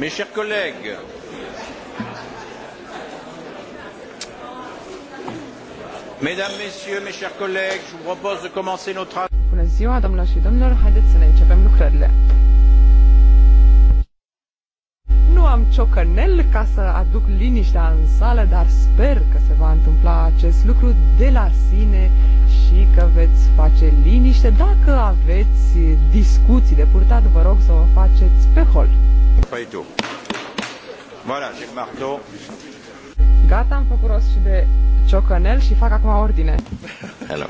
Mes chers collègues, mesdames, messieurs, mes chers collègues, je vous propose de commencer notre... travaux. Bună ziua, domnilor și domnilor, haideți să ne începem lucrările. Nu am ciocănel ca să aduc liniștea în sală, dar sper că se va întâmpla acest lucru de la sine și că veți face liniște. Dacă aveți discuții de purtat, vă rog să o faceți pe hol. Voilà, marteau. Gata, am făcut rost și de ciocănel și fac acum ordine. Hello.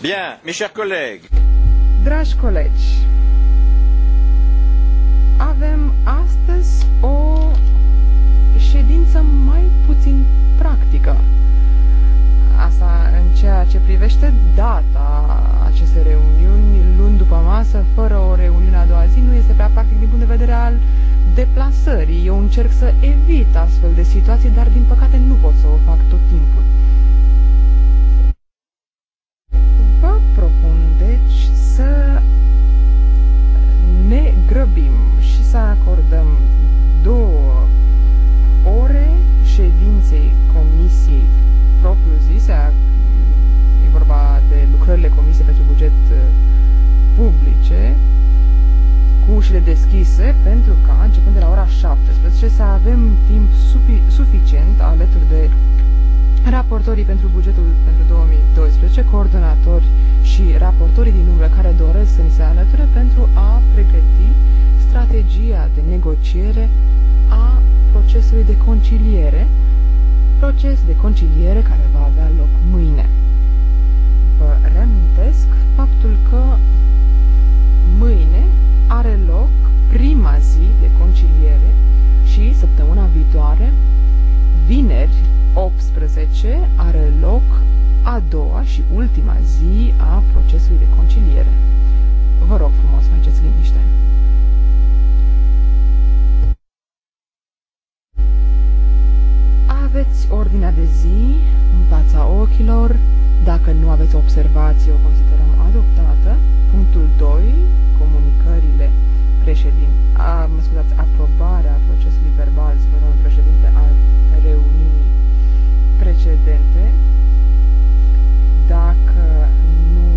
Bien, mes chers collègues. Dragi colegi, avem astăzi o ședință mai puțin practică. Asta în ceea ce privește data acestei reuniuni masă fără o reuniune a doua zi nu este prea practic din punct de vedere al deplasării. Eu încerc să evit astfel de situații, dar din păcate nu pot să o fac tot timpul. Vă propun, deci, să ne grăbim și să acordăm două ore ședinței comisiei propriu-zise, e vorba de lucrările comisiei pentru buget publice cu ușile deschise pentru ca, începând de la ora 17, să avem timp suficient alături de raportorii pentru bugetul pentru 2012, coordonatori și raportorii din umbră care doresc să ni se alăture pentru a pregăti strategia de negociere a procesului de conciliere, proces de conciliere care va avea loc mâine. Vă reamintesc faptul că Mâine are loc prima zi de conciliere și săptămâna viitoare, vineri 18, are loc a doua și ultima zi a procesului de conciliere. Vă rog frumos, faceți liniște. Aveți ordinea de zi în fața ochilor. Dacă nu aveți observații, o considerăm adoptată. Punctul 2 președinte, a, mă scuzați, aprobarea procesului verbal, spre domnul președinte, al reuniunii precedente, dacă nu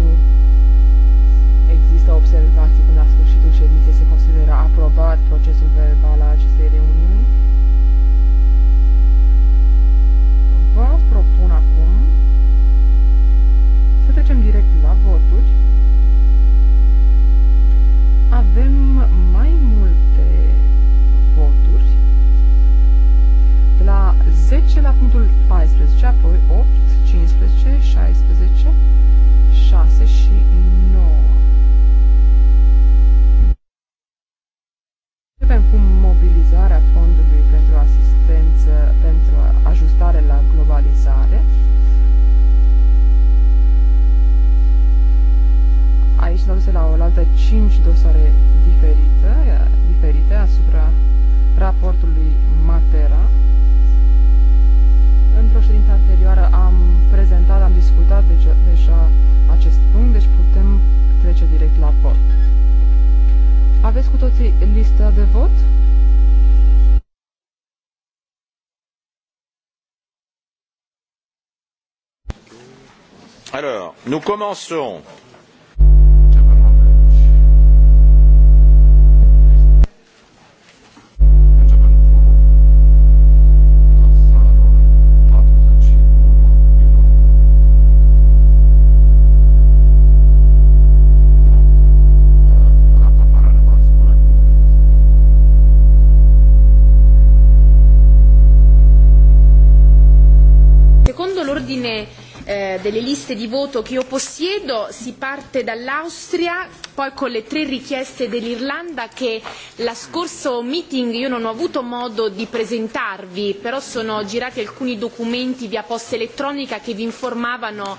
există observații până la sfârșitul ședinței, se consideră aprobat procesul verbal al Alors, nous commençons delle liste di voto che io possiedo si parte dall'Austria, poi con le tre richieste dell'Irlanda che la scorso meeting io non ho avuto modo di presentarvi, però sono girati alcuni documenti via posta elettronica che vi informavano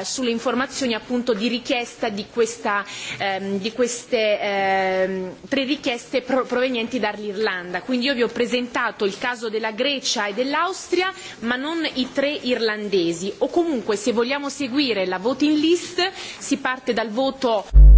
eh, sulle informazioni appunto di richiesta di, questa, ehm, di queste ehm, tre richieste pro- provenienti dall'Irlanda. Quindi io vi ho presentato il caso della Grecia e dell'Austria, ma non i tre irlandesi o comunque se vogliamo seguire la voting list si parte dal voto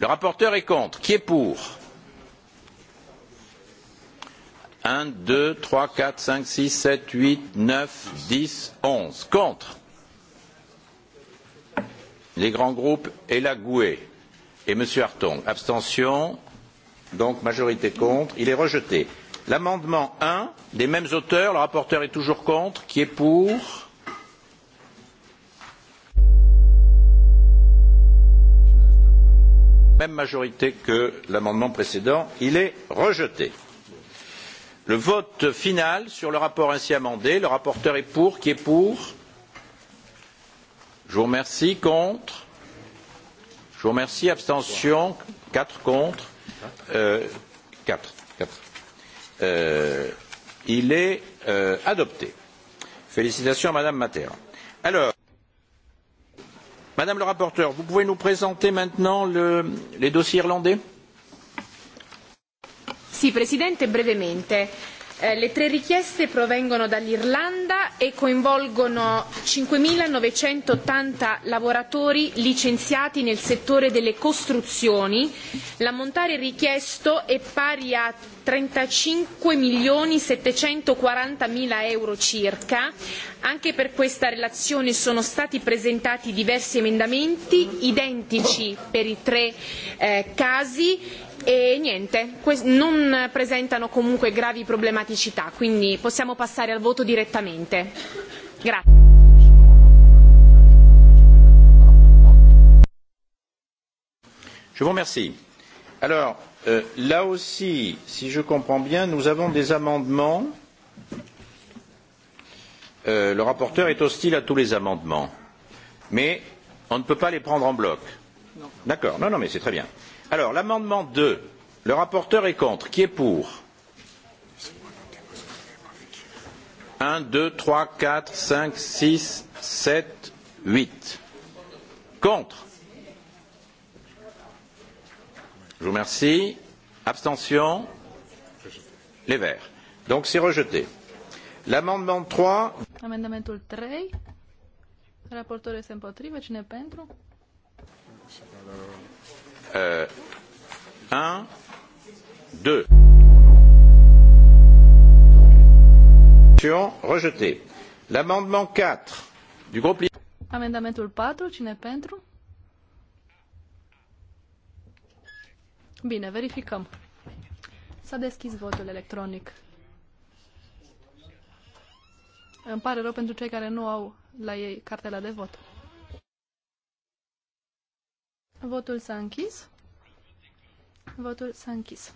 Le rapporteur est contre. Qui est pour Un, deux, trois, quatre, cinq, six, sept, huit, neuf, dix, onze Contre Les grands groupes et la GUE. Et M. Hartong. Abstention. Donc majorité contre. Il est rejeté. L'amendement un des mêmes auteurs, le rapporteur est toujours contre. Qui est pour même majorité que l'amendement précédent. Il est rejeté. Le vote final sur le rapport ainsi amendé, le rapporteur est pour, qui est pour Je vous remercie. Contre Je vous remercie. Abstention Quatre contre. Euh, 4. 4. Euh, il est euh, adopté. Félicitations à Madame Matera. Alors, Madame le rapporteur, vous pouvez nous présenter maintenant le, les dossiers irlandais Sì, Presidente, brevemente. Eh, le tre richieste provengono dall'Irlanda e coinvolgono 5.980 lavoratori licenziati nel settore delle costruzioni. L'ammontare richiesto è pari a 35.740.000 euro circa. Anche per questa relazione sono stati presentati diversi emendamenti identici per i tre eh, casi e niente, non presentano comunque gravi problematicità, quindi possiamo passare al voto direttamente. Grazie. Je vous remercie. Alors, euh, là aussi, si je comprends bien, nous avons des amendements. Euh, le rapporteur est hostile à tous les amendements, mais on ne peut pas les prendre en bloc. D'accord, non, non, mais c'est très bien. Alors, l'amendement 2, le rapporteur est contre. Qui est pour Un, deux trois quatre cinq six sept huit Contre Je vous remercie. Abstention Les Verts. Donc c'est rejeté. L'amendement trois Amendamentul 3. Raportorul este împotrivă. Cine pentru? Euh, un, Rejeté. L'amendement 4 du groupe Amendamentul 4, cine pentru? Bine, verificăm. S-a deschis votul electronic. Îmi pare rău pentru cei care nu au la ei cartela de vot. Votul s-a închis. Votul s-a închis.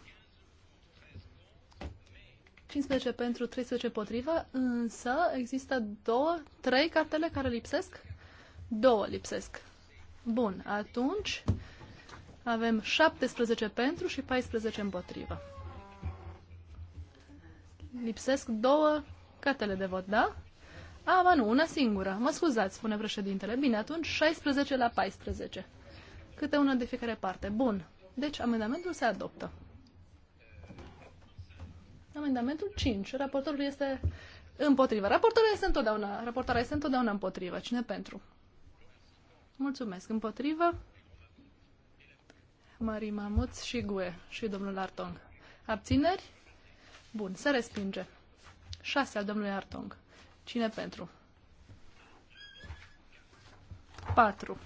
15 pentru, 13 potrivă, însă există două, trei cartele care lipsesc? Două lipsesc. Bun, atunci avem 17 pentru și 14 împotrivă. Lipsesc două cartele de vot, da? A, ah, nu, una singură. Mă scuzați, spune președintele. Bine, atunci 16 la 14 câte una de fiecare parte. Bun. Deci amendamentul se adoptă. Amendamentul 5. Raportorul este împotrivă. Raportorul este întotdeauna, raportarea este întotdeauna împotrivă. Cine pentru? Mulțumesc. Împotrivă? Mari Mamuț și Gue și domnul Artong. Abțineri? Bun, se respinge. 6 al domnului Artong. Cine pentru? 4.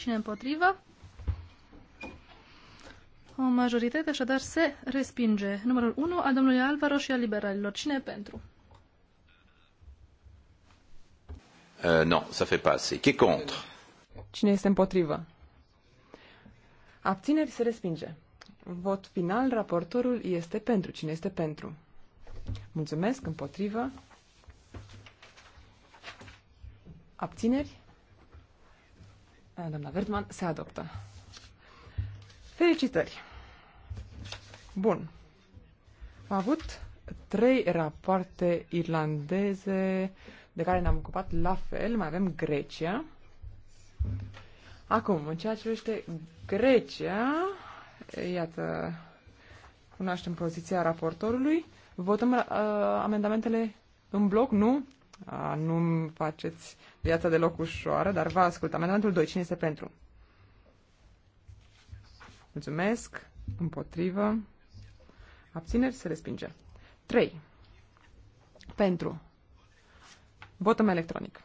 Cine împotrivă? O majoritate așadar se respinge. Numărul 1 al domnului Alvaro și a liberalilor. Cine pentru? Uh, non, ça fait pas assez. Qui contre? Cine este împotrivă? Abțineri se respinge. Vot final, raportorul este pentru. Cine este pentru? Mulțumesc, împotrivă. Abțineri? Eh, doamna Bertman, se adoptă. Felicitări! Bun. Am avut trei rapoarte irlandeze de care ne-am ocupat la fel. Mai avem Grecia. Acum, în ceea ce privește Grecia, iată, cunoaștem poziția raportorului. Votăm uh, amendamentele în bloc, nu? nu faceți viața deloc ușoară, dar vă ascult. Amendamentul 2, cine este pentru? Mulțumesc. Împotrivă. Abțineri se respinge. 3. Pentru. Votăm electronic.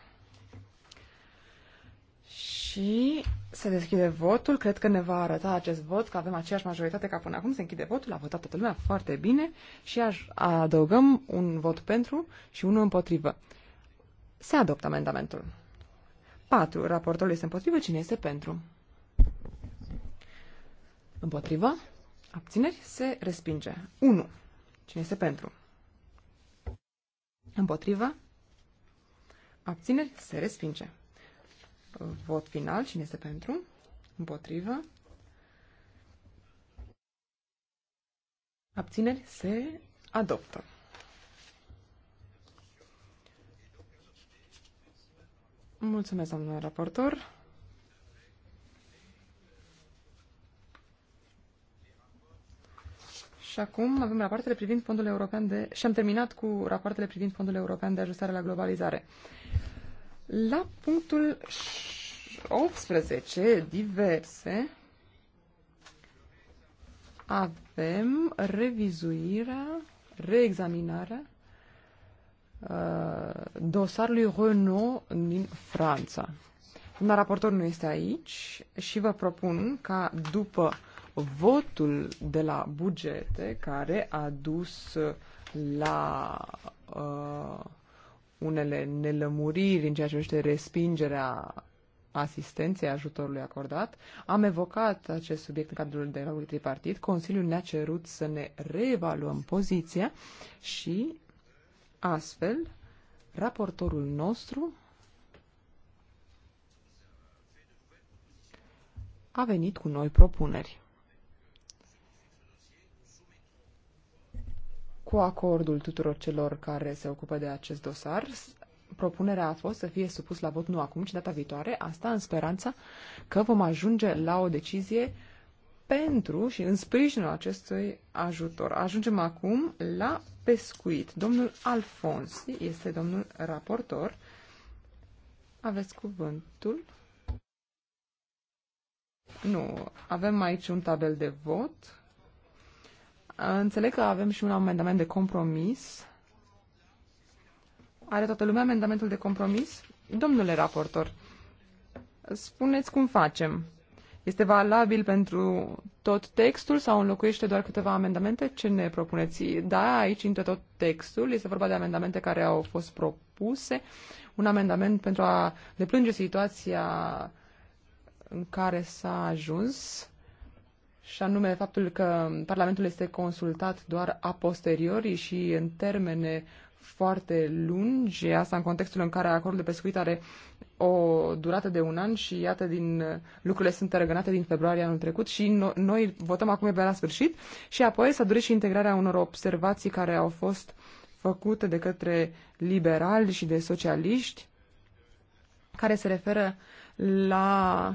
Și se deschide votul. Cred că ne va arăta acest vot că avem aceeași majoritate ca până acum. Se închide votul, a votat toată lumea foarte bine și aș adăugăm un vot pentru și unul împotrivă. Se adoptă amendamentul. 4. Raportul este împotrivă. Cine este pentru? Împotrivă. Abțineri. Se respinge. 1. Cine este pentru? Împotrivă. Abțineri. Se respinge. Vot final. Cine este pentru? Împotrivă. Abțineri. Se adoptă. Mulțumesc, domnule raportor. Și acum avem rapoartele privind fondul european de... și am terminat cu rapoartele privind fondul european de ajustare la globalizare. La punctul 18, diverse, avem revizuirea, reexaminarea Uh, dosarului Renault din Franța. Doamna raportor nu este aici și vă propun ca după votul de la bugete care a dus la uh, unele nelămuriri în ceea ce privește respingerea asistenței ajutorului acordat. Am evocat acest subiect în cadrul dialogului tripartit. Consiliul ne-a cerut să ne reevaluăm poziția și Astfel, raportorul nostru a venit cu noi propuneri. Cu acordul tuturor celor care se ocupă de acest dosar, propunerea a fost să fie supus la vot nu acum, ci data viitoare, asta în speranța că vom ajunge la o decizie uh, pentru și în sprijinul acestui ajutor. Ajungem acum la pescuit. Domnul Alfonsi este domnul raportor. Aveți cuvântul? Nu, avem aici un tabel de vot. Înțeleg că avem și un amendament de compromis. Are toată lumea amendamentul de compromis? Domnule raportor, spuneți cum facem. Este valabil pentru tot textul sau înlocuiește doar câteva amendamente? Ce ne propuneți? Da, aici intră tot textul. Este vorba de amendamente care au fost propuse. Un amendament pentru a deplânge situația în care s-a ajuns și anume faptul că Parlamentul este consultat doar a posteriori și în termene foarte lungi, asta în contextul în care acordul de pescuit are o durată de un an și iată din lucrurile sunt răgănate din februarie anul trecut și no, noi votăm acum pe la sfârșit și apoi s-a dorit și integrarea unor observații care au fost făcute de către liberali și de socialiști care se referă la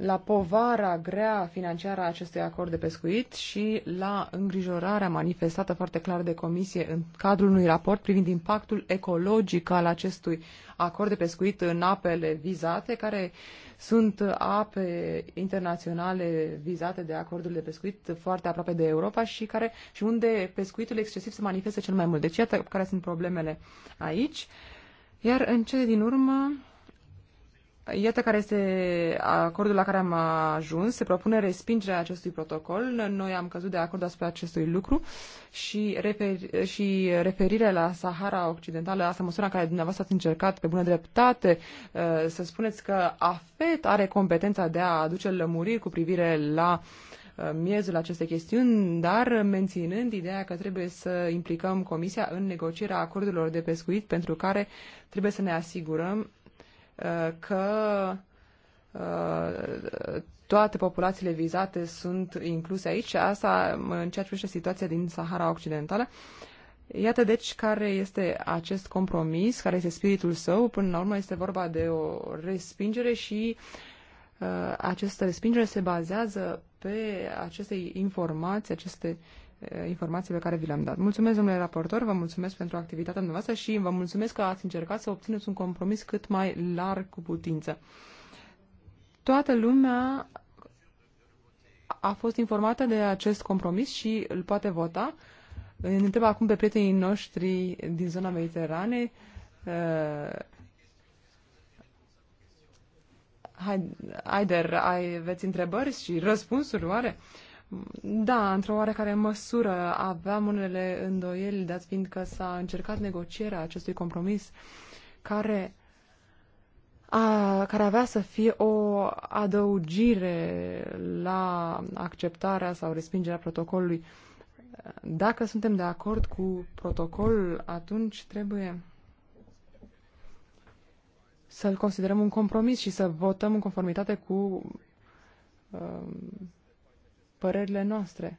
la povara grea financiară a acestui acord de pescuit și la îngrijorarea manifestată foarte clar de comisie în cadrul unui raport privind impactul ecologic al acestui acord de pescuit în apele vizate, care sunt ape internaționale vizate de acordul de pescuit foarte aproape de Europa și, care, și unde pescuitul excesiv se manifestă cel mai mult. Deci iată care sunt problemele aici. Iar în cele din urmă, Iată care este acordul la care am ajuns. Se propune respingerea acestui protocol. Noi am căzut de acord asupra acestui lucru și, refer, și referirea la Sahara Occidentală, asta măsura în care dumneavoastră ați încercat pe bună dreptate uh, să spuneți că AFET are competența de a aduce lămuriri cu privire la uh, miezul acestei chestiuni, dar menținând ideea că trebuie să implicăm Comisia în negocierea acordurilor de pescuit pentru care trebuie să ne asigurăm Uh, că uh, toate populațiile vizate sunt incluse aici, asta în ceea ce privește situația din Sahara Occidentală. Iată deci care este acest compromis, care este spiritul său. Până la urmă este vorba de o respingere și uh, această respingere se bazează pe aceste informații, aceste Eh, informațiile care vi le-am dat. Mulțumesc, domnule raportor, vă mulțumesc pentru activitatea noastră și vă mulțumesc că ați încercat să obțineți un compromis cât mai larg cu putință. Toată lumea a fost informată de acest compromis și îl poate vota. Ne întreb acum pe prietenii noștri din zona Mediteranei. Eh, Haider, ai, veți întrebări și răspunsuri, oare? Uh, da, într-o oarecare măsură aveam unele îndoieli, dat fiind că s-a încercat negocierea acestui compromis care, a, care avea să fie o adăugire la acceptarea sau respingerea protocolului. Dacă suntem de acord cu protocol, atunci trebuie să-l considerăm un compromis și să votăm în conformitate cu um, părerile noastre.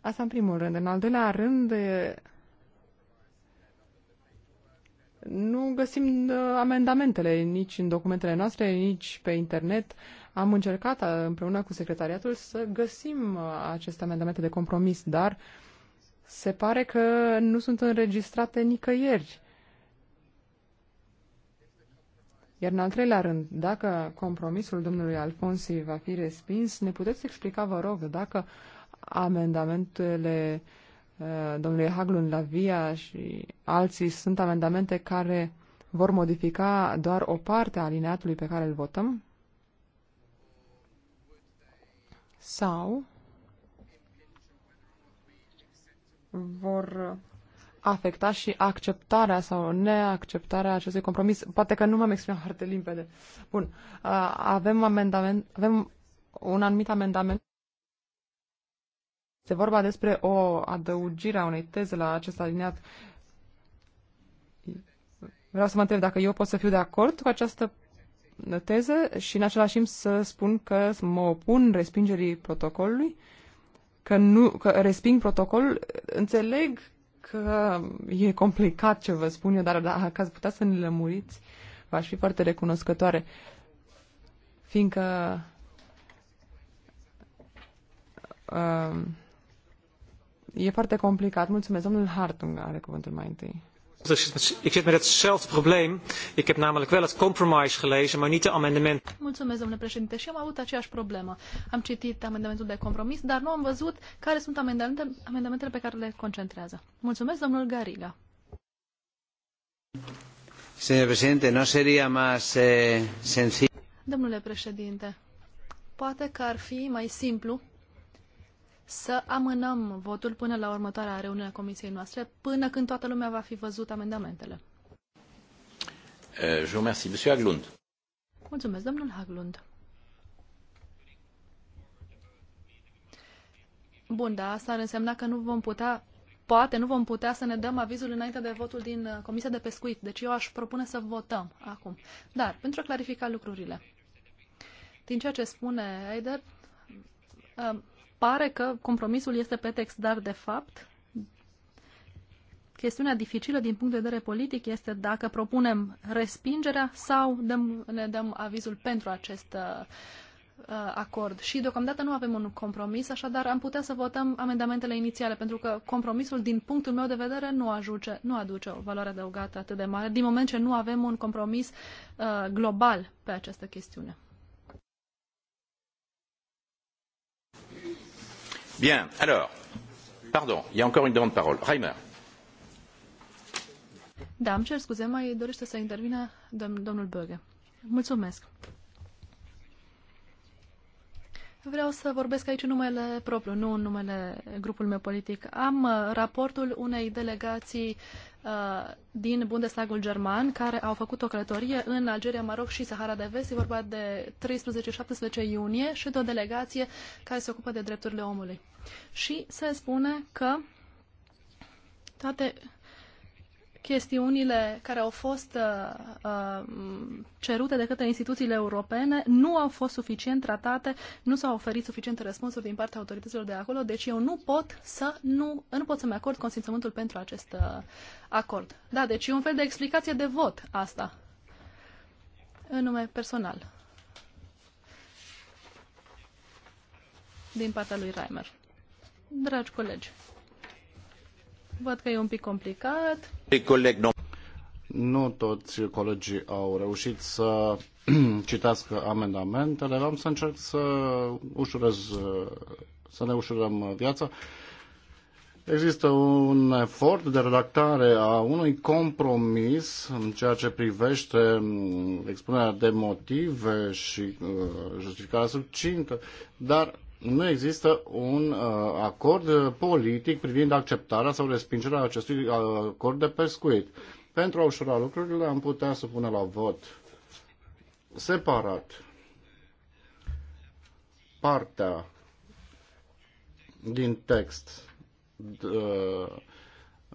Asta în primul rând. În al doilea rând, nu găsim uh, amendamentele nici în documentele noastre, nici pe internet. Am încercat uh, împreună cu secretariatul să găsim uh, aceste amendamente de compromis, dar se pare că nu sunt înregistrate nicăieri. Iar în al treilea rând, dacă compromisul domnului Alfonsi va fi respins, ne puteți explica, vă rog, dacă amendamentele uh, domnului Haglund la VIA și alții sunt amendamente care vor modifica doar o parte a alineatului pe care îl votăm? Sau vor afecta și acceptarea sau neacceptarea acestui compromis. Poate că nu m-am exprimat foarte limpede. Bun. Uh, avem amendament, avem un anumit amendament. Se vorba despre o adăugire a unei teze la acest aliniat. Vreau să mă întreb dacă eu pot să fiu de acord cu această teze și în același timp să spun că mă opun respingerii protocolului, că, nu, că resping protocolul, înțeleg că e complicat ce vă spun eu, dar dacă ați putea să ne lămuriți, v-aș fi foarte recunoscătoare, fiindcă uh, e foarte complicat. Mulțumesc, domnul Hartung are cuvântul mai întâi. Er ik zit met hetzelfde probleem. Ik heb namelijk wel het compromise gelezen, maar niet de amendement. Mulțumesc, domnule președinte. Și am avut aceeași problemă. Am citit amendamentul de compromis, dar nu am văzut care sunt amendamente, amendamentele pe care le concentrează. Mulțumesc, domnul Gariga. Señor presidente, no sería más eh, sencillo. Domnule președinte, poate că ar fi mai simplu să amânăm votul până la următoarea reuniune a comisiei noastre, până când toată lumea va fi văzut amendamentele. Eh, je remercie, Monsieur Haglund. Mulțumesc, domnul Haglund. Bun, da, asta ar însemna că nu vom putea, poate nu vom putea să ne dăm avizul înainte de votul din uh, Comisia de Pescuit. Deci eu aș propune să votăm acum. Dar, pentru a clarifica lucrurile, din ceea ce spune Eider, uh, pare că compromisul este pretext, dar de fapt chestiunea dificilă din punct de vedere politic este dacă propunem respingerea sau dăm, ne dăm avizul pentru acest uh, uh, acord. Și deocamdată nu avem un compromis, așadar am putea să votăm amendamentele inițiale, pentru că compromisul, din punctul meu de vedere, nu, ajuce, nu aduce o valoare adăugată atât de mare, din moment ce nu avem un compromis uh, global pe această chestiune. Bien, alors, pardon, il y a encore de parole. Reimer. Da, îmi scuze, mai dorește să intervină domnul Böge. Mulțumesc. Vreau să vorbesc aici în numele propriu, nu în numele grupului meu politic. Am uh, raportul unei delegații Uh, din Bundestagul german care au făcut o călătorie în Algeria, Maroc și Sahara de Vest. E vorba de 13-17 iunie și de o delegație care se ocupă de drepturile omului. Și se spune că toate chestiunile care au fost uh, uh, cerute de către instituțiile europene nu au fost suficient tratate, nu s-au oferit suficiente răspunsuri din partea autorităților de acolo, deci eu nu pot să nu, nu pot să-mi acord consimțământul pentru acest uh, acord. Da, deci e un fel de explicație de vot asta, în nume personal, din partea lui Reimer. Dragi colegi, Văd că e un pic complicat. Nu toți colegii au reușit să citească amendamentele. Am să încerc să ușurez, să ne ușurăm viața. Există un efort de redactare a unui compromis în ceea ce privește mm, expunerea de motive și uh, justificarea succintă, dar nu există un uh, acord politic privind acceptarea sau respingerea acestui uh, acord de pescuit. Pentru a ușura lucrurile am putea pune la vot separat partea din text uh,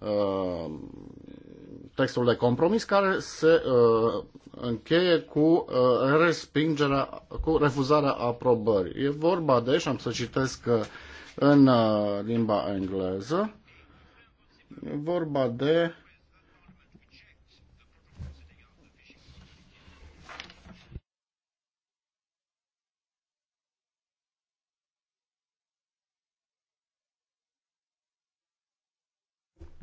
uh textul de compromis care se uh, încheie cu uh, respingerea, cu refuzarea aprobării. E vorba de, și am să citesc uh, în uh, limba engleză, e vorba de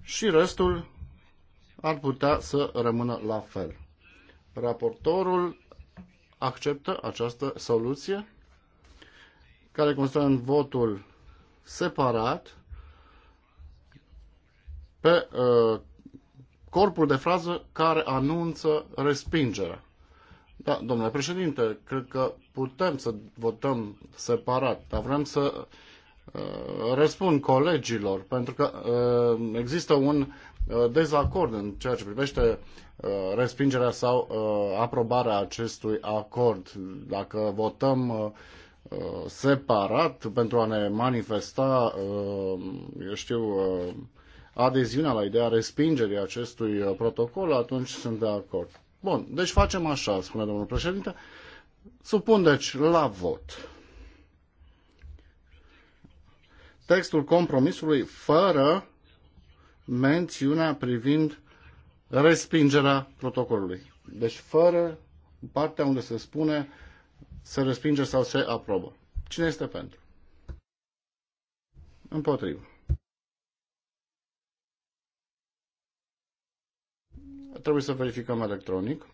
și restul ar putea să rămână la fel. Raportorul acceptă această soluție care constă în votul separat pe uh, corpul de frază care anunță respingerea. Da, domnule președinte, cred că putem să votăm separat, dar vrem să uh, răspund colegilor, pentru că uh, există un Uh, dezacord în ceea ce privește uh, respingerea sau uh, aprobarea acestui acord. Dacă votăm separat pentru a ne manifesta, eu știu, adeziunea la ideea respingerii acestui protocol, atunci sunt de acord. Bun, deci facem așa, spune domnul președinte. Supun deci la vot textul compromisului fără mențiunea privind respingerea protocolului. Deci fără partea unde se spune se respinge sau se aprobă. Cine este pentru? Împotrivă. Trebuie să verificăm electronic.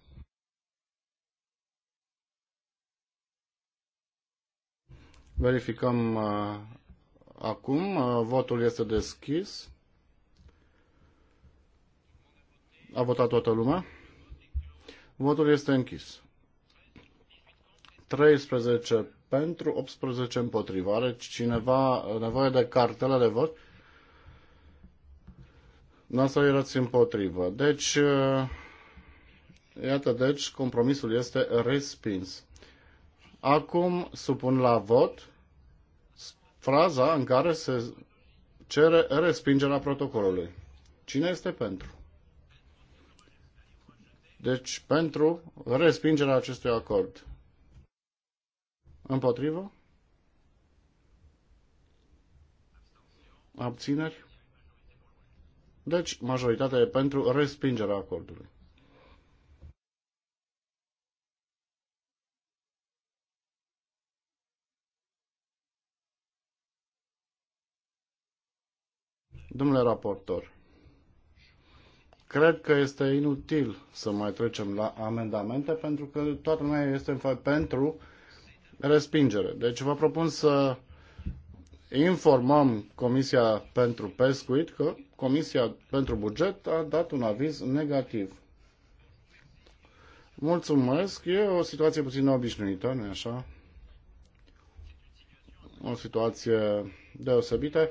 Verificăm uh, acum. Uh, votul este deschis. A votat toată lumea. Votul este închis. 13 pentru, 18 împotriva. Are cineva nevoie de cartele de vot? nu să erați împotrivă. Deci, iată, deci, compromisul este respins. Acum supun la vot fraza în care se cere respingerea protocolului. Cine este pentru? Deci, pentru respingerea acestui acord. Împotrivă? Abțineri? Deci, majoritatea e pentru respingerea acordului. Domnule raportor, cred că este inutil să mai trecem la amendamente pentru că toată lumea este în pentru respingere. Deci vă propun să informăm Comisia pentru Pescuit că Comisia pentru Buget a dat un aviz negativ. Mulțumesc, e o situație puțin neobișnuită, nu-i așa? O situație deosebită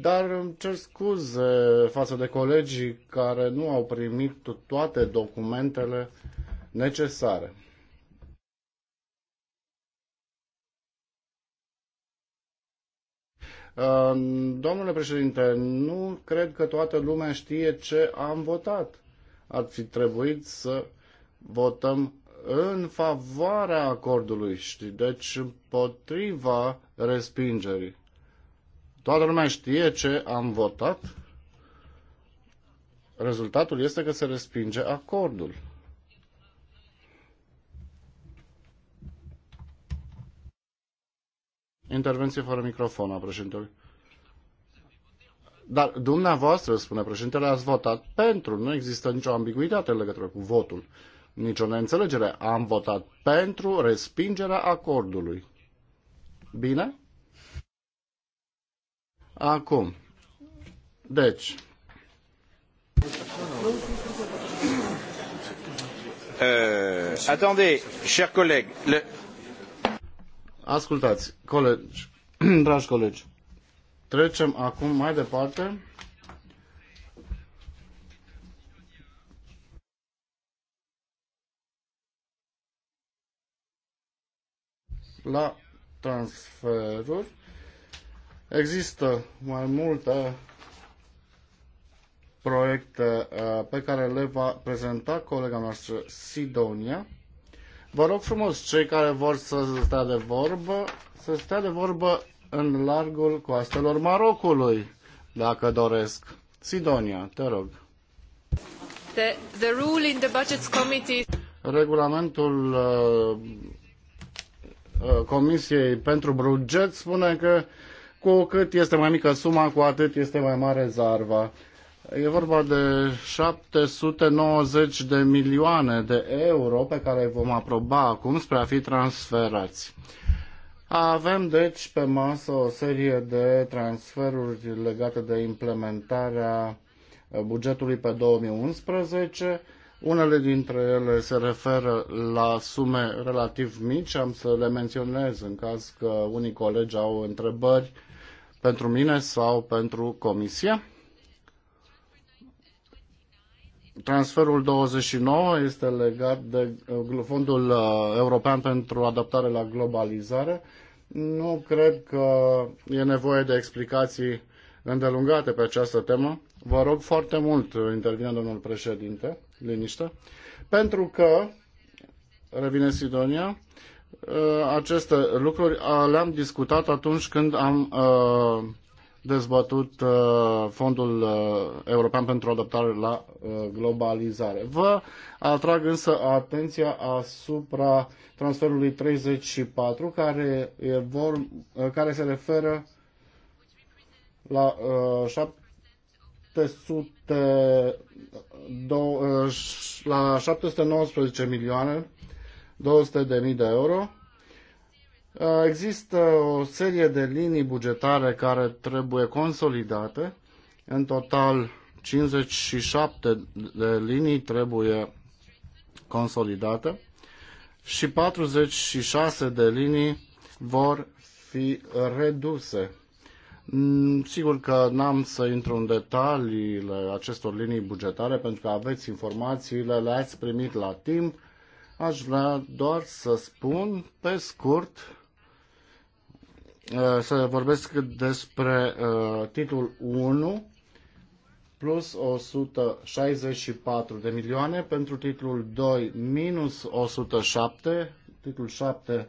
dar îmi cer scuze față de colegii care nu au primit toate documentele necesare. Domnule președinte, nu cred că toată lumea știe ce am votat. Ar fi trebuit să votăm în favoarea acordului, știi, deci împotriva respingerii. Toată lumea știe ce am votat. Rezultatul este că se respinge acordul. Intervenție fără microfon a președintelui. Dar dumneavoastră, spune președintele, ați votat pentru. Nu există nicio ambiguitate în legătură cu votul. Nicio neînțelegere. Am votat pentru respingerea acordului. Bine? Acum, deci... Uh, attendez, chers collègues, le... Ascultați, colegi, dragi colegi, trecem acum mai departe la transferuri. Există mai multe proiecte uh, pe care le va prezenta colega noastră Sidonia. Vă rog frumos, cei care vor să stea de vorbă, să stea de vorbă în largul coastelor Marocului, dacă doresc. Sidonia, te rog. The, the rule in the budgets committee... Regulamentul uh, uh Comisiei pentru Bruget spune că uh, cu cât este mai mică suma, cu atât este mai mare zarva. E vorba de 790 de milioane de euro pe care îi vom aproba acum spre a fi transferați. Avem deci pe masă o serie de transferuri legate de implementarea bugetului pe 2011. Unele dintre ele se referă la sume relativ mici, am să le menționez în caz că unii colegi au întrebări pentru mine sau pentru comisie. Transferul 29 este legat de uh, Fondul uh, European pentru Adaptare la Globalizare. Nu cred că e nevoie de explicații îndelungate pe această temă. Vă rog foarte mult, uh, intervine domnul președinte, liniște, pentru că, revine Sidonia, Uh, aceste lucruri uh, le-am discutat atunci când am uh, dezbătut Fondul European pentru Adaptare la Globalizare. Vă atrag însă atenția asupra transferului 34 care, e vor, care se referă la 700 la 719 milioane 200 de mii de euro Uh, există o serie de linii bugetare care trebuie consolidate. În total, 57 de linii trebuie consolidate și 46 de linii vor fi reduse. Mm, sigur că n-am să intru în detaliile acestor linii bugetare pentru că aveți informațiile, le-ați primit la timp. Aș vrea doar să spun pe scurt Uh, să vorbesc despre uh, titlul 1 plus 164 de milioane, pentru titlul 2 minus 107, titlul 7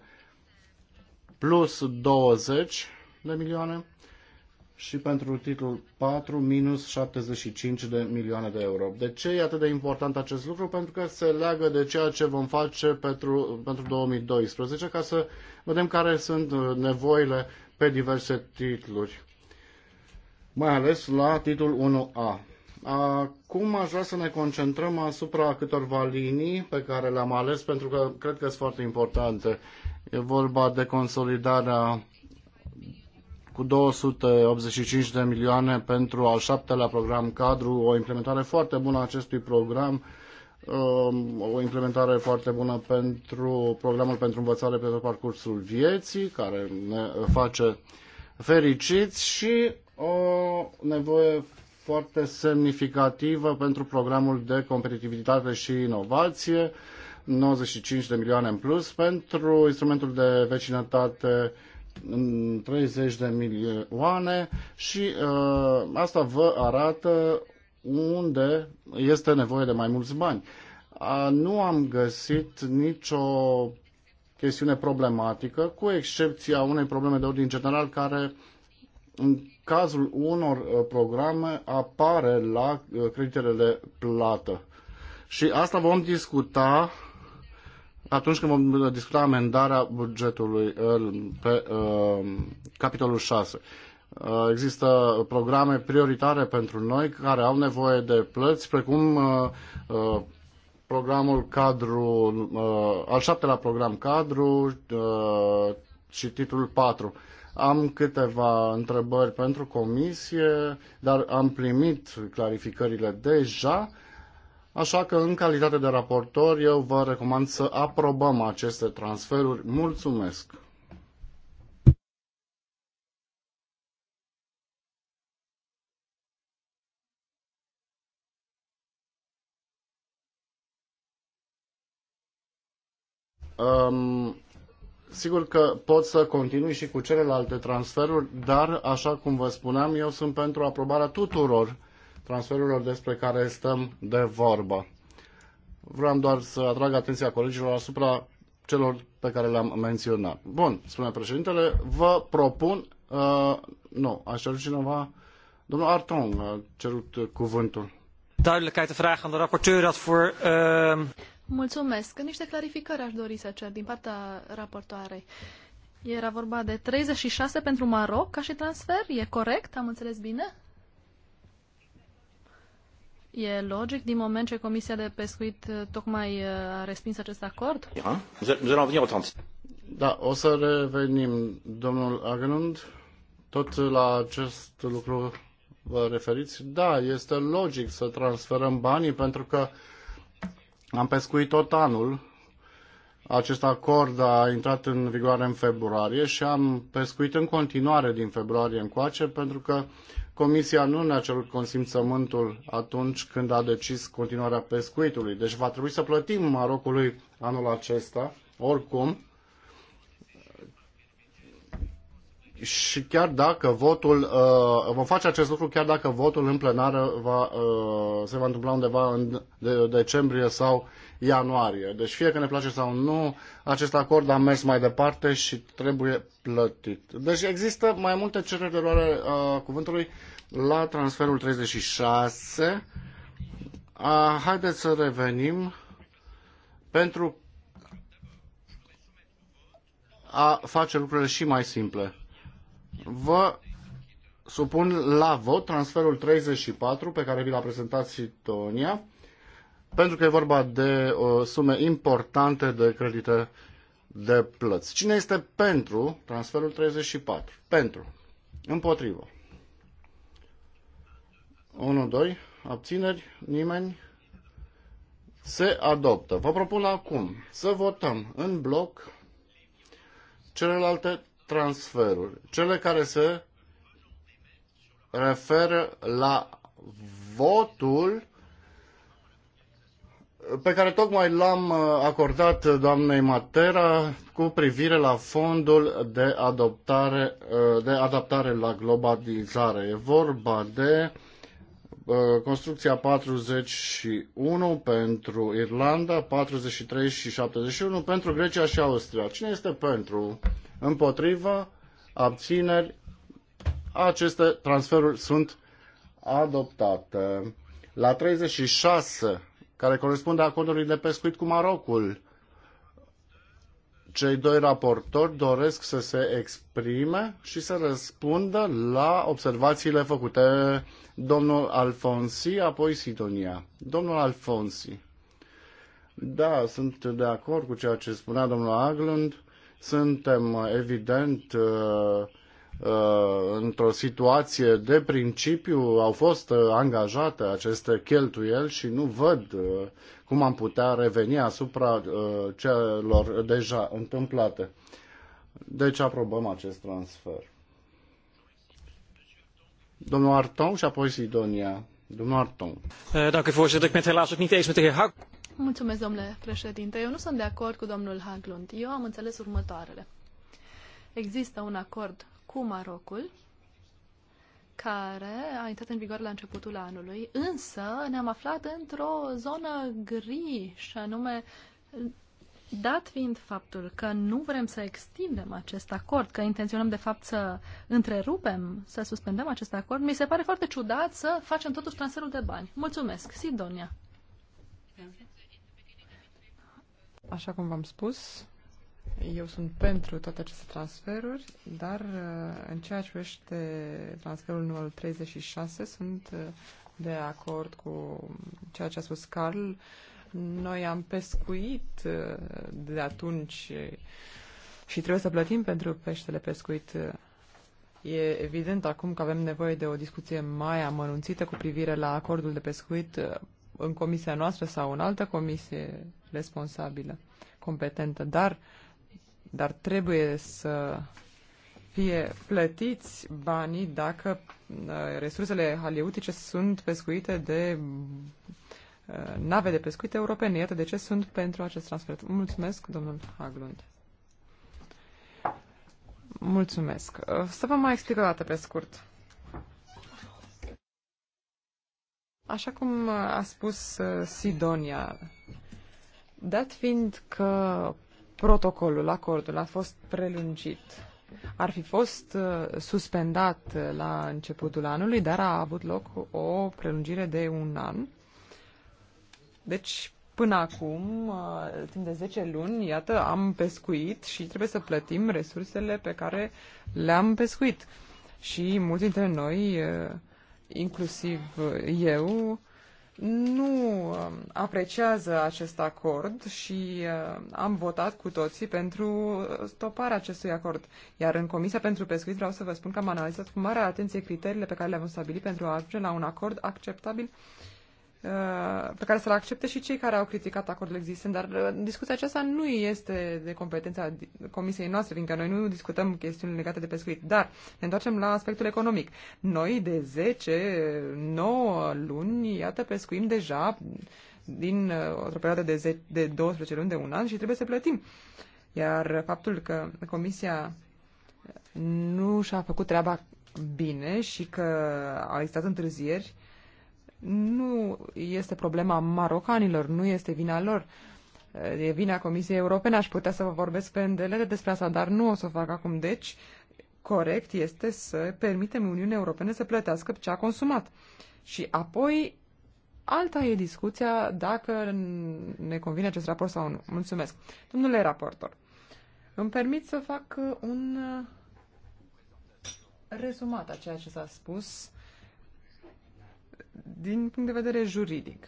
plus 20 de milioane, și pentru titlul 4 minus 75 de milioane de euro. De ce e atât de important acest lucru? Pentru că se leagă de ceea ce vom face pentru, pentru 2012 ca să vedem care sunt uh, nevoile pe diverse titluri, mai ales la titlul 1A. Acum aș vrea să ne concentrăm asupra câtorva linii pe care le-am ales pentru că cred că sunt foarte importante. E vorba de consolidarea cu 285 de milioane pentru al șaptelea program cadru, o implementare foarte bună a acestui program, um, o implementare foarte bună pentru programul pentru învățare pe tot parcursul vieții, care ne face fericiți și o nevoie foarte semnificativă pentru programul de competitivitate și inovație, 95 de milioane în plus, pentru instrumentul de vecinătate în 30 de milioane și uh, asta vă arată unde este nevoie de mai mulți bani. Uh, nu am găsit nicio chestiune problematică, cu excepția unei probleme de ordin general care în cazul unor uh, programe apare la uh, creditele de plată. Și asta vom discuta atunci când vom discuta amendarea bugetului pe uh, capitolul 6. Uh, există programe prioritare pentru noi care au nevoie de plăți, precum uh, uh programul cadru, uh, al șaptelea program cadru uh, și titlul 4. Am câteva întrebări pentru comisie, dar am primit clarificările deja. Așa că, în calitate de raportor, eu vă recomand să aprobăm aceste transferuri. Mulțumesc! Um, sigur că pot să continui și cu celelalte transferuri, dar, așa cum vă spuneam, eu sunt pentru aprobarea tuturor transferurilor despre care stăm de vorbă. Vreau doar să atrag atenția colegilor asupra celor pe care le-am menționat. Bun, spune președintele, vă propun, uh, nu, aș cerut cineva, domnul Arton a cerut cuvântul. Duidelijkheid te vragen aan de rapporteur dat voor... Uh... Mulțumesc. Niște clarificări aș dori să cer din partea raportoarei. Era vorba de 36 pentru Maroc ca și transfer, e corect? Am înțeles bine? E logic din moment ce Comisia de Pescuit uh, tocmai uh, a respins acest acord? Da, o să revenim, domnul Agnund. Tot la acest lucru vă referiți? Da, este logic să transferăm banii pentru că am pescuit tot anul acest acord a intrat în vigoare în februarie și am pescuit în continuare din februarie încoace pentru că Comisia nu ne-a cerut consimțământul atunci când a decis continuarea pescuitului. Deci va trebui să plătim Marocului anul acesta, oricum. Și chiar dacă votul, uh, vom face acest lucru chiar dacă votul în plenară va, uh, se va întâmpla undeva în de- decembrie sau ianuarie. Deci fie că ne place sau nu, acest acord a mers mai departe și trebuie plătit. Deci există mai multe cereri de luare a cuvântului la transferul 36. A, haideți să revenim pentru a face lucrurile și mai simple. Vă supun la vot transferul 34 pe care vi l-a prezentat Sitonia pentru că e vorba de uh, sume importante de credite de plăți. Cine este pentru transferul 34? Pentru. Împotrivă. 1, 2. Abțineri? Nimeni? Se adoptă. Vă propun acum să votăm în bloc celelalte transferuri. Cele care se referă la votul pe care tocmai l-am uh, acordat uh, doamnei Matera cu privire la fondul de, adoptare, uh, de adaptare la globalizare. E vorba de construcția 41 pentru Irlanda, 43 și 71 pentru Grecia și Austria. Cine este pentru? Împotrivă? Abțineri? Aceste transferuri sunt adoptate. La 36 care corespunde acordului de pescuit cu Marocul. Cei doi raportori doresc să se exprime și să răspundă la observațiile făcute domnul Alfonsi, apoi Sidonia. Domnul Alfonsi. Da, sunt de acord cu ceea ce spunea domnul Aglund. Suntem, evident, uh, Uh, într-o situație de principiu au fost uh, angajate aceste cheltuieli și nu văd uh, cum am putea reveni asupra celor deja întâmplate. Deci aprobăm acest transfer. Domnul Arton și apoi Sidonia. Domnul Arton. Eh, Dacă voorzitter, ik ben het helaas ook niet eens Mulțumesc, domnule președinte. Eu nu sunt de acord cu domnul Haglund. Eu am înțeles următoarele. Există un acord cu Marocul, care a intrat în vigoare la începutul anului, însă ne-am aflat într-o zonă gri și anume Dat fiind faptul că nu vrem să extindem acest acord, că intenționăm de fapt să întrerupem, să suspendăm acest acord, mi se pare foarte ciudat să facem totuși transferul de bani. Mulțumesc, Sidonia. Așa cum v-am spus, eu sunt pentru toate aceste transferuri, dar uh, în ceea ce privește transferul numărul 36 sunt uh, de acord cu ceea ce a spus Carl. Noi am pescuit uh, de atunci și trebuie să plătim pentru peștele pescuit. E evident acum că avem nevoie de o discuție mai amănunțită cu privire la acordul de pescuit în comisia noastră sau în altă comisie responsabilă, competentă, dar uh, dar trebuie să fie plătiți banii dacă uh, resursele haleutice sunt pescuite de uh, nave de pescuit europene. Iată de ce sunt pentru acest transfer. Mulțumesc, domnul Haglund. Mulțumesc. Uh, să vă mai explic o dată pe scurt. Așa cum a spus Sidonia, dat fiind că protocolul, acordul a fost prelungit. Ar fi fost uh, suspendat uh, la începutul anului, dar a avut loc o prelungire de un an. Deci, până acum, uh, timp de 10 luni, iată, am pescuit și trebuie să plătim resursele pe care le-am pescuit. Și mulți dintre noi, inclusiv eu, nu um, apreciază acest acord și uh, am votat cu toții pentru uh, stoparea acestui acord. Iar în Comisia pentru Pescuit vreau să vă spun că am analizat cu mare atenție criteriile pe care le-am stabilit pentru a ajunge la un acord acceptabil uh, Uh, pe care să-l accepte și cei care au criticat acordul existent, dar uh, discuția aceasta nu este de competența comisiei noastre, fiindcă noi nu discutăm chestiuni legate de pescuit, dar ne întoarcem la aspectul economic. Noi de 10, 9 luni, iată, pescuim deja din uh, o perioadă de, 10, de 12 luni, de un an și trebuie să plătim. Iar faptul că comisia nu și-a făcut treaba bine și că au existat întârzieri, uh, nu este problema marocanilor, nu este vina lor. E vina Comisiei Europene, aș putea să vă vorbesc pe îndelete despre asta, dar nu o să o fac acum. Deci, corect este să permitem Uniunii Europene să plătească ce a consumat. Și apoi, alta e discuția dacă ne convine acest raport sau nu. Mulțumesc. Domnule raportor, îmi permit să fac un rezumat a ceea ce s-a spus din punct de vedere juridic.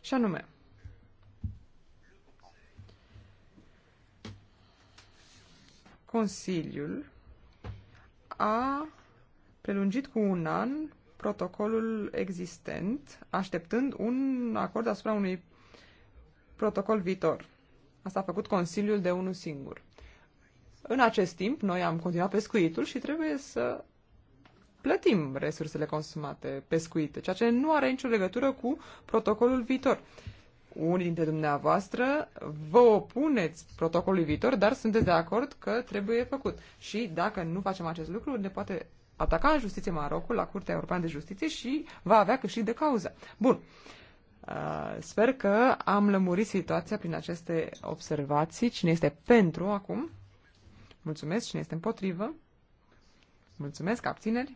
Și anume, Consiliul a prelungit cu un an protocolul existent, așteptând un acord asupra unui protocol viitor. Asta a făcut Consiliul de unul singur. În acest timp, noi am continuat pescuitul și trebuie să plătim resursele consumate, pescuite, ceea ce nu are nicio legătură cu protocolul viitor. Unii dintre dumneavoastră vă opuneți protocolului viitor, dar sunteți de acord că trebuie făcut. Și dacă nu facem acest lucru, ne poate ataca în justiție Marocul la Curtea Europeană de Justiție și va avea câștig de cauză. Bun. Uh, sper că am lămurit situația prin aceste observații. Cine este pentru acum? Mulțumesc. Cine este împotrivă? Mulțumesc. Abțineri?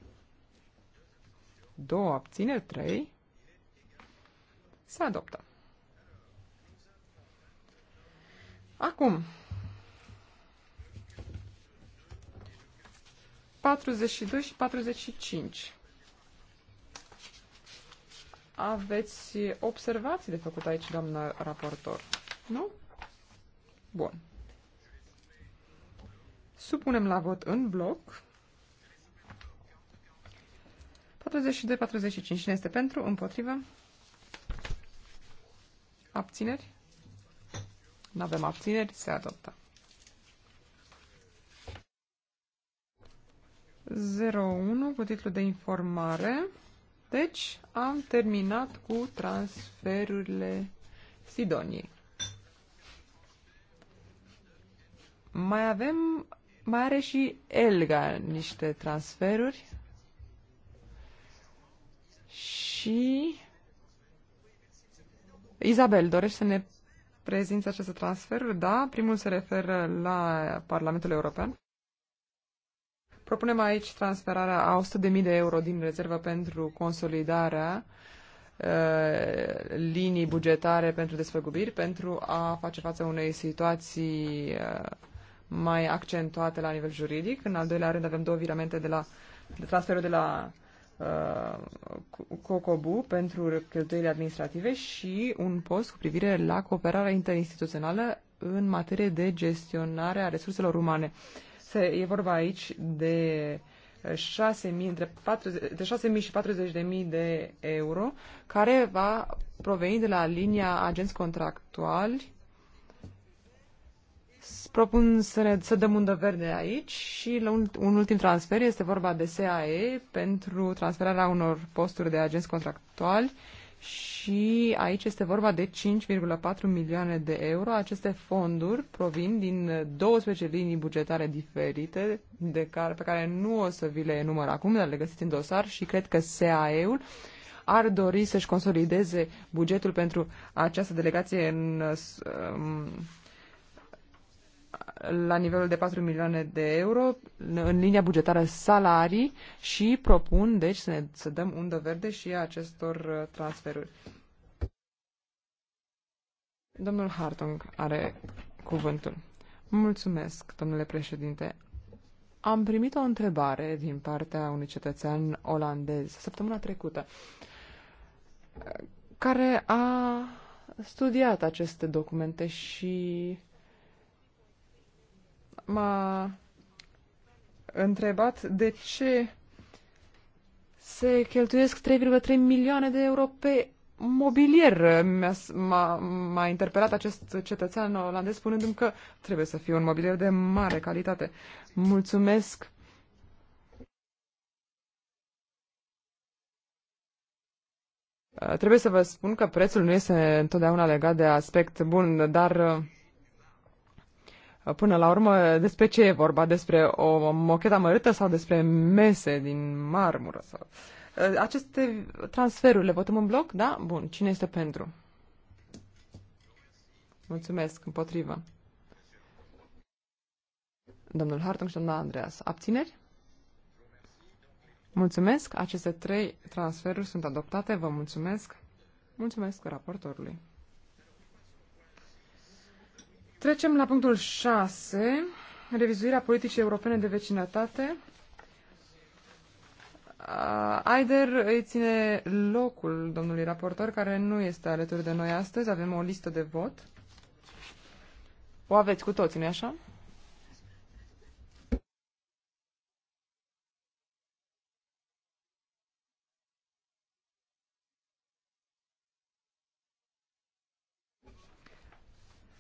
2 abțineri, trei, se adoptă. Acum, 42 și 45. Aveți observații de făcut aici, doamnă raportor, nu? Bun. Supunem la vot în bloc 42-45. Cine este pentru? Împotrivă? Abțineri? Nu avem abțineri, se adoptă. 01 cu titlul de informare. Deci am terminat cu transferurile Sidoniei. Mai avem, mai are și Elga niște transferuri. Și Izabel, dorești să ne prezinți aceste transferuri? Da, primul se referă la Parlamentul European. Propunem aici transferarea a 100.000 de euro din rezervă pentru consolidarea uh, linii bugetare pentru desfăgubiri pentru a face față unei situații uh, mai accentuate la nivel juridic. În al doilea rând avem două viramente de la de transferul de la Uh, COCOBU pentru cheltuielile administrative și un post cu privire la cooperarea interinstituțională în materie de gestionare a resurselor umane. Se, e vorba aici de 6.000, între 40, de 6.000 și 40.000 de euro, care va proveni de la linia agenți contractuali Propun să, ne, să dăm undă verde aici și la un, un ultim transfer este vorba de SAE pentru transferarea unor posturi de agenți contractuali și aici este vorba de 5,4 milioane de euro. Aceste fonduri provin din 12 linii bugetare diferite de care, pe care nu o să vi le enumăr acum, dar le găsiți în dosar și cred că SAE-ul ar dori să-și consolideze bugetul pentru această delegație în um, la nivelul de 4 milioane de euro în linia bugetară salarii și propun, deci, să, ne, să dăm undă verde și acestor uh, transferuri. Domnul Hartung are cuvântul. Mulțumesc, domnule președinte. Am primit o întrebare din partea unui cetățean olandez săptămâna trecută care a studiat aceste documente și m-a întrebat de ce se cheltuiesc 3,3 milioane de euro pe mobilier. M-a, interpelat acest cetățean olandez spunându-mi că trebuie să fie un mobilier de mare calitate. Mulțumesc! Trebuie să vă spun că prețul nu este întotdeauna legat de aspect bun, dar Până la urmă, despre ce e vorba? Despre o mochetă amărâtă sau despre mese din marmură? Sau... Eh, aceste transferuri le votăm în bloc? Da? Bun. Cine este pentru? Mulțumesc. Împotrivă. Domnul Hartung și doamna Andreas. Abțineri? Mulțumesc. Aceste trei transferuri sunt adoptate. Vă mulțumesc. Mulțumesc raportorului. Trecem la punctul 6, revizuirea politicii europene de vecinătate. Aider îi ține locul domnului raportor, care nu este alături de noi astăzi. Avem o listă de vot. O aveți cu toți, nu-i așa?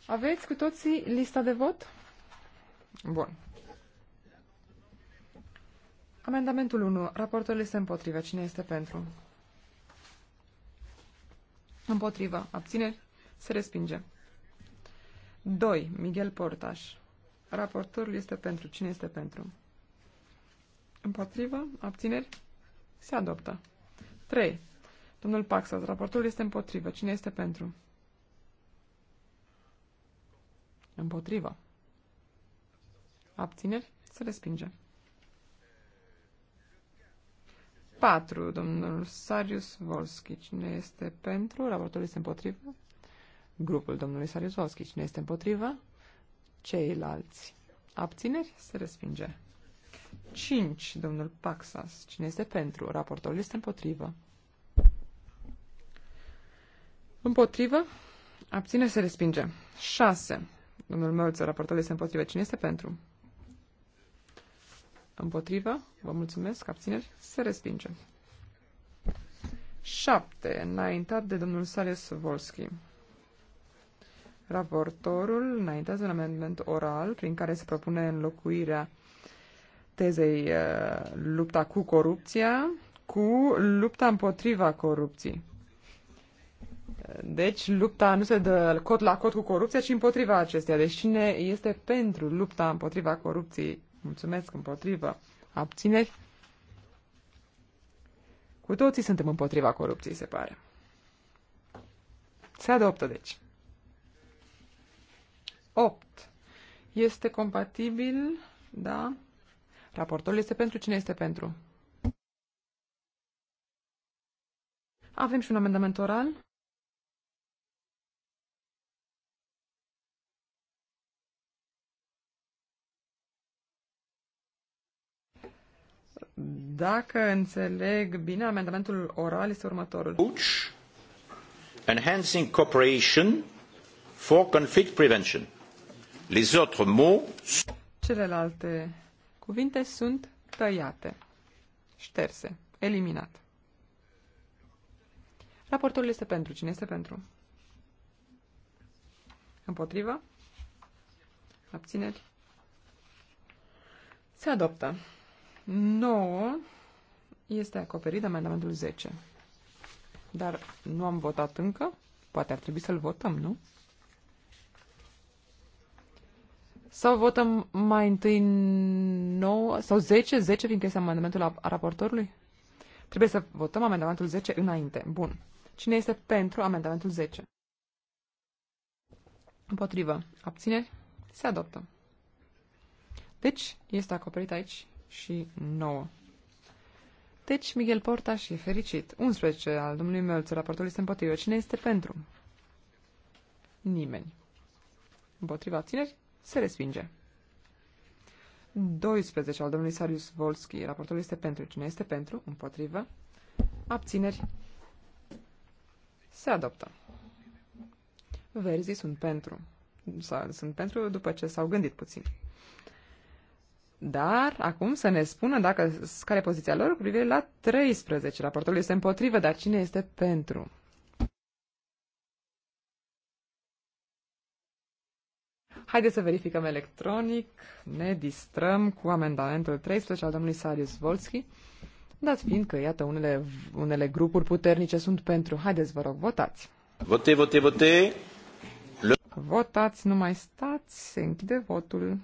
Aveți cu toții lista de vot? Bun. Amendamentul 1. Raportul este împotrivă. Cine este pentru? Împotrivă. Abțineri? Se respinge. 2. Miguel Portaș. Raportorul este pentru. Cine este pentru? Împotrivă. Abțineri? Se adoptă. 3. Domnul Paxas. Raportorul este împotrivă. Cine este pentru? Împotrivă. Abțineri? Se respinge. 4. Domnul Sarius Volski. Cine este pentru? Raportorul este împotrivă. Grupul domnului Sarius Volski. Cine este împotrivă? Ceilalți. Abțineri? Se respinge. 5. Domnul Paxas. Cine este pentru? Raportorul este împotrivă. Împotrivă? Abține se respinge. 6. Domnul Mălță, raportorul este împotrivă. Cine este pentru? Împotrivă. Vă mulțumesc. Abțineri. Se respinge. 7. Înaintat de domnul Sales Volski. Raportorul înaintează un amendament oral prin care se propune înlocuirea tezei uh, lupta cu corupția cu lupta împotriva corupției. Deci, lupta nu se dă cot la cot cu corupția, ci împotriva acesteia. Deci, cine este pentru lupta împotriva corupției? Mulțumesc, împotriva abțineri. Cu toții suntem împotriva corupției, se pare. Se adoptă, deci. 8. Este compatibil, da? Raportul este pentru cine este pentru? Avem și un amendament oral. Dacă înțeleg bine, amendamentul oral este următorul. Enhancing cooperation for conflict prevention. Les autres mots... Celelalte cuvinte sunt tăiate, șterse, eliminat. Raportul este pentru. Cine este pentru? Împotrivă? Abțineri? Se adoptă. 9 este acoperit de amendamentul 10. Dar nu am votat încă. Poate ar trebui să-l votăm, nu? Sau votăm mai întâi 9 sau 10, 10 fiindcă este amendamentul a, a raportorului? Trebuie să votăm amendamentul 10 înainte. Bun. Cine este pentru amendamentul 10? Împotrivă. Abțineri? Se adoptă. Deci, este acoperit aici și 9. Deci, Miguel Porta și fericit. 11 al domnului Mölțu, raportul este împotrivă. Cine este pentru? Nimeni. Împotriva abțineri, se respinge. 12 al domnului Sarius Volski, raportul este pentru. Cine este pentru? Împotrivă. Abțineri. Se adoptă. Verzii sunt pentru. sunt pentru după ce s-au gândit puțin. Dar acum să ne spună dacă, care poziția lor cu privire la 13. Raportul este împotrivă, dar cine este pentru? Haideți să verificăm electronic. Ne distrăm cu amendamentul 13 al domnului Sarius Volski. Dat fiind că, iată, unele, unele grupuri puternice sunt pentru. Haideți, vă rog, votați. Vote, vote, vote. Votați, nu mai stați, se închide votul.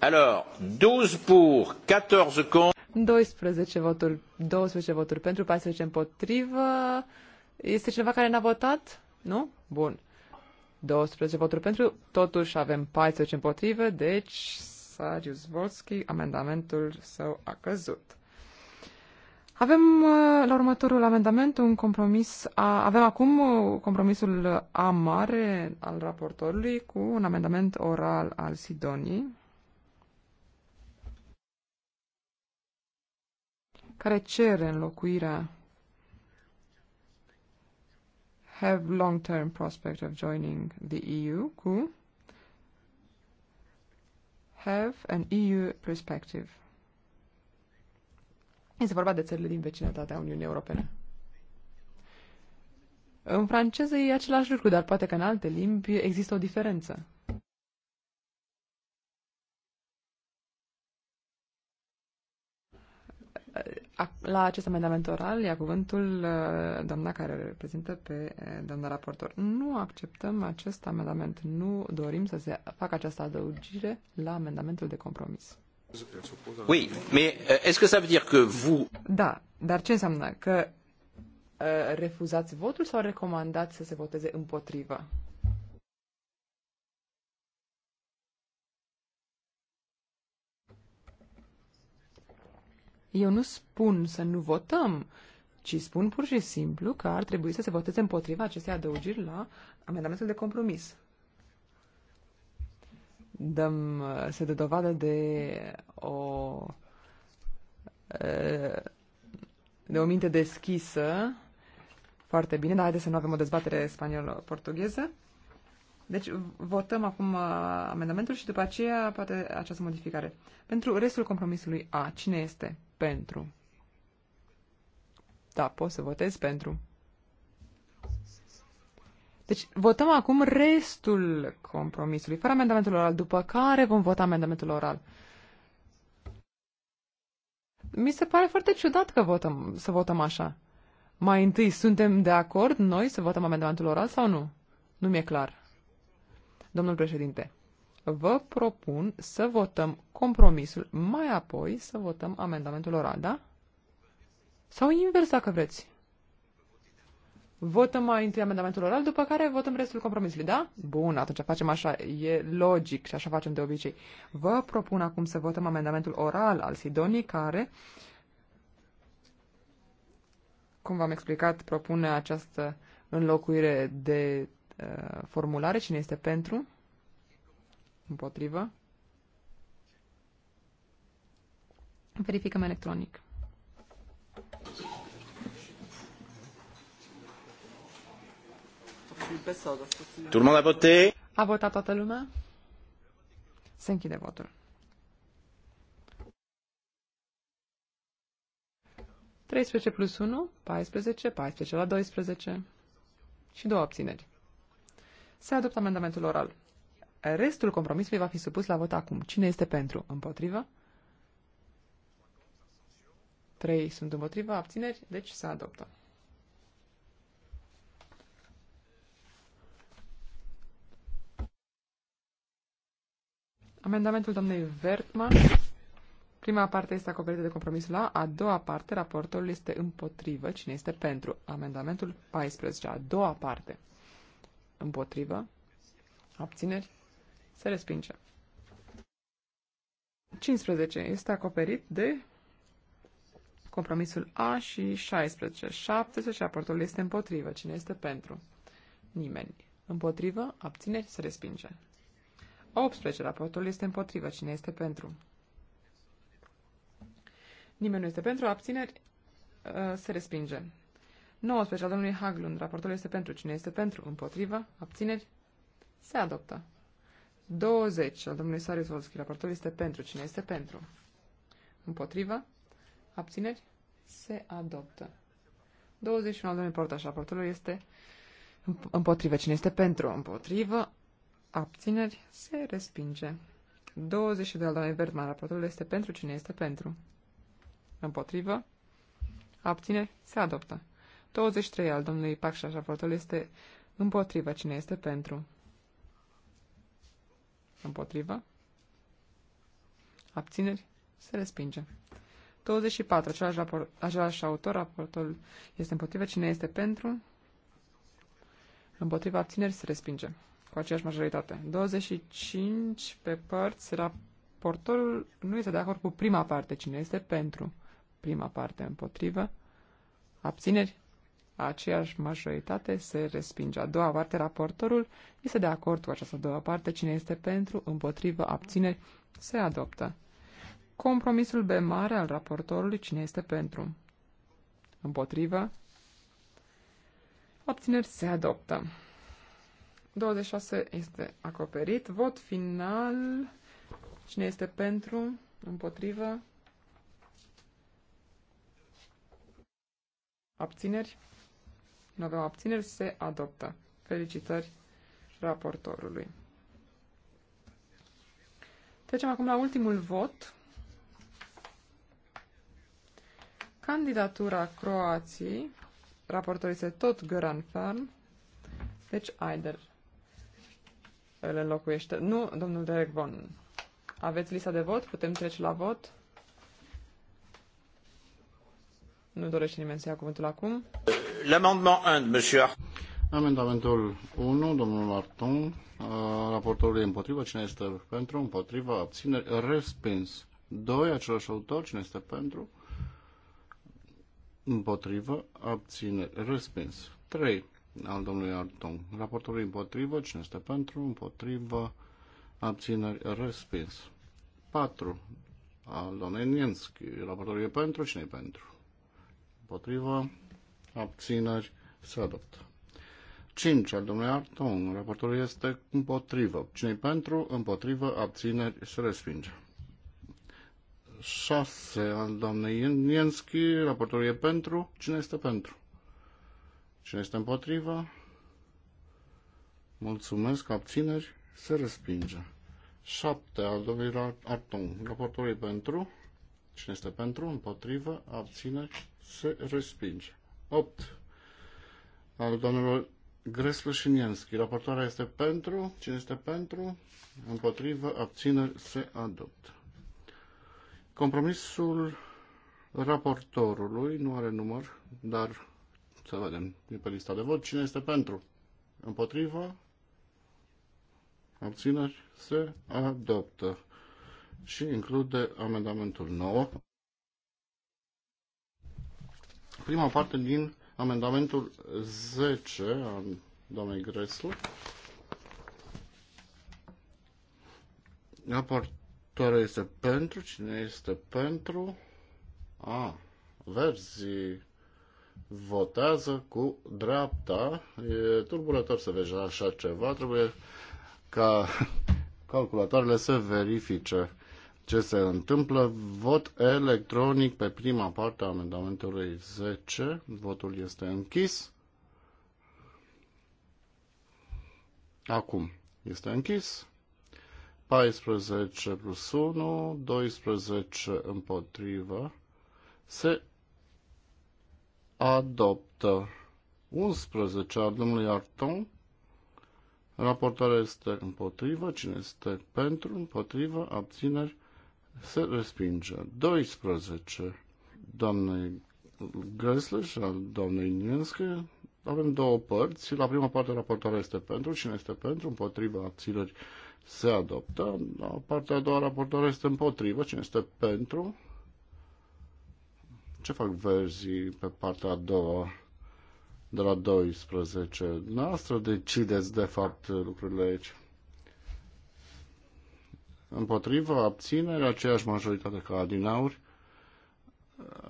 Alors, 12 pour, 14 contre. 12 voturi, 12 voturi pentru, 14 împotrivă. Este cineva care n-a votat? Nu? Bun. 12 voturi pentru, totuși avem 14 împotrivă, deci Sarius Volski, amendamentul său a căzut. Avem uh, la următorul amendament un compromis, a, avem acum uh, compromisul A mare al raportorului cu un amendament oral al Sidonii. care cere înlocuirea have long-term prospect of joining the EU cu have an EU perspective. Este vorba de țările din vecinătatea Uniunii Europene. În franceză e același lucru, dar poate că în alte limbi există o diferență. La acest amendament oral ia cuvântul uh, doamna care reprezintă pe uh, doamna raportor. Nu acceptăm acest amendament. Nu dorim să se facă această adăugire la amendamentul de compromis. Oui, mais uh, est-ce que ça veut dire que vous... Da, dar ce înseamnă? Că uh, refuzați votul sau recomandați să se voteze împotrivă? Eu nu spun să nu votăm, ci spun pur și simplu că ar trebui să se voteze împotriva acestei adăugiri la amendamentul de compromis. Dăm, se dă dovadă de o, de o minte deschisă. Foarte bine, dar haideți să nu avem o dezbatere spaniolă-portugheză. Deci votăm acum uh, amendamentul și după aceea poate această modificare. Pentru restul compromisului A, cine este pentru? Da, poți să votez pentru. Deci votăm acum restul compromisului, fără amendamentul oral, după care vom vota amendamentul oral. Mi se pare foarte ciudat că votăm, să votăm așa. Mai întâi, suntem de acord noi să votăm amendamentul oral sau nu? Nu mi-e clar. Domnul președinte, vă propun să votăm compromisul, mai apoi să votăm amendamentul oral, da? Sau invers, dacă vreți. Votăm mai întâi amendamentul oral, după care votăm restul compromisului, da? Bun, atunci facem așa, e logic și așa facem de obicei. Vă propun acum să votăm amendamentul oral al Sidonii, care, cum v-am explicat, propune această înlocuire de Uh, formulare. Cine este pentru? Împotrivă. Verificăm electronic. Turma la vote. a A votat toată lumea? Se închide votul. Treisprezece plus unu, paisprezece, paisprezece la doisprezece și două abțineri. Se adoptă amendamentul oral. Restul compromisului va fi supus la vot acum. Cine este pentru? Împotrivă? Trei sunt împotrivă, abțineri, deci se adoptă. Amendamentul domnului Vertman. Prima parte este acoperită de compromisul A, a doua parte, raportorul este împotrivă, cine este pentru. Amendamentul 14, a doua parte. Împotrivă. Abțineri. Se respinge. 15 este acoperit de compromisul A și 16. 17 Aportul este împotrivă. Cine este pentru? Nimeni. Împotrivă, abțineri, se respinge. 18. Raportul este împotrivă. Cine este pentru? Nimeni nu este pentru, abțineri, uh, se respinge. 19 al domnului Haglund. Raportul este pentru. Cine este pentru? Împotrivă? Abțineri? Se adoptă. 20 al domnului Sarius Volski. Raportul este pentru. Cine este pentru? Împotrivă? Abțineri? Se adoptă. 21 al domnului Portaș. Raportul este împotrivă. Cine este pentru? Împotrivă? Abțineri? Se respinge. 22 al domnului Bertman. Raportul este pentru. Cine este pentru? Împotrivă? Abțineri? Se adoptă. 23 al domnului Pac așa este împotrivă. Cine este pentru? Împotrivă? Abțineri? Se respinge. 24. Același, rapor, același autor, raportul este împotrivă. Cine este pentru? Împotriva abțineri se respinge. Cu aceeași majoritate. 25 pe părți. Raportorul nu este de acord cu prima parte. Cine este pentru? Prima parte împotrivă. Abțineri aceeași majoritate se respinge. A doua parte, raportorul este de acord cu această doua parte. Cine este pentru, împotrivă, abține, se adoptă. Compromisul B mare al raportorului, cine este pentru? Împotrivă. Abțineri se adoptă. 26 este acoperit. Vot final. Cine este pentru? Împotrivă. Abțineri nu aveau abțineri, se adoptă. Felicitări raportorului. Trecem acum la ultimul vot. Candidatura Croației, raportorul este tot Göran Fern, deci Aider îl înlocuiește. Nu, domnul Derek Von. Aveți lista de vot? Putem trece la vot? Nu dorește nimeni să ia cuvântul acum l'amendement 1 de monsieur Amendamentul 1, domnul Arton, raportorul e împotrivă, cine este pentru, împotrivă, abțineri, respins. 2, același autor, cine este pentru, împotrivă, abțineri, respins. 3, al domnului Arton, raportorul e împotrivă, cine este pentru, împotrivă, abțineri, respins. 4, al domnului Nienski, raportorul e pentru, cine e pentru, împotrivă, abțineri, se adoptă. 5 al domnului Arton, raportul este împotrivă. cine pentru, împotrivă, abțineri, se respinge. 6 al doamnei Ienski, raportul e pentru, cine este pentru? Cine este împotrivă? Mulțumesc, abțineri, se respinge. 7 al domnului Arton, raportul e pentru, cine este pentru, împotrivă, abțineri, se respinge. 8 al domnului Greslu și Raportoarea este pentru. Cine este pentru? Împotrivă. Abțineri. Se adoptă. Compromisul raportorului nu are număr, dar să vedem. E pe lista de vot. Cine este pentru? Împotrivă. Abțineri. Se adoptă. Și include amendamentul 9 prima parte din amendamentul 10 al doamnei Greslu. Raportoarea este pentru. Cine este pentru? A, ah, verzii votează cu dreapta. E tulburător să vezi așa ceva. Trebuie ca calculatoarele să verifice ce se întâmplă. Vot electronic pe prima parte a amendamentului 10. Votul este închis. Acum este închis. 14 plus 1, 12 împotrivă. Se adoptă 11 al domnului Arton. Raportarea este împotrivă. Cine este pentru? Împotrivă. Abțineri se respinge. 12. Doamnei Gresle și al doamnei Nienske. Avem două părți. La prima parte raportarea este pentru. Cine este pentru? Împotriva abțineri se adoptă. La partea a doua raportarea este împotrivă. Cine este pentru? Ce fac verzii pe partea a doua de la 12? Noastră decideți, de fapt, lucrurile aici împotrivă, abținere, aceeași majoritate ca adinauri.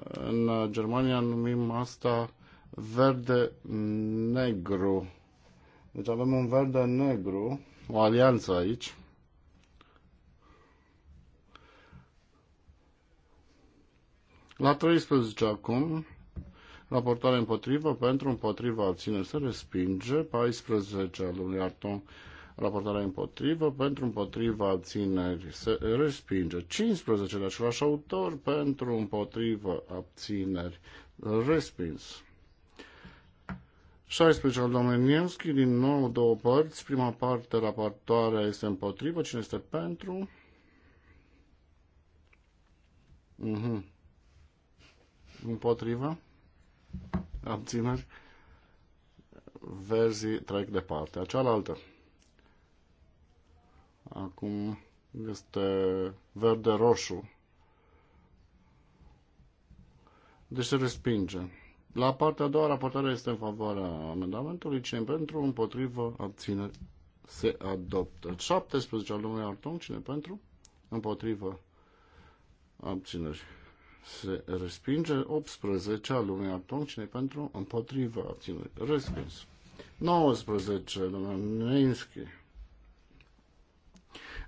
În Germania numim asta verde-negru. Deci avem un verde-negru, o alianță aici. La 13 acum, raportare împotrivă, pentru împotrivă abține se respinge, 14 al lui Arton raportarea împotrivă, pentru împotriva abțineri se respinge. 15 de același autor, pentru împotrivă abțineri respins. 16 al domnului din nou două părți. Prima parte, raportoarea este împotrivă. Cine este pentru? Mhm. Împotrivă? Abțineri? Verzii trec departe. Cealaltă. Acum este verde-roșu. Deci se respinge. La partea a doua, raportarea este în favoarea amendamentului. Cine pentru, împotrivă, abține, se adoptă. 17 al domnului Arton, cine pentru, împotrivă, abțineri, se respinge. 18 al domnului Arton, cine pentru, împotrivă, abțineri, respins. 19, domnul Neinski,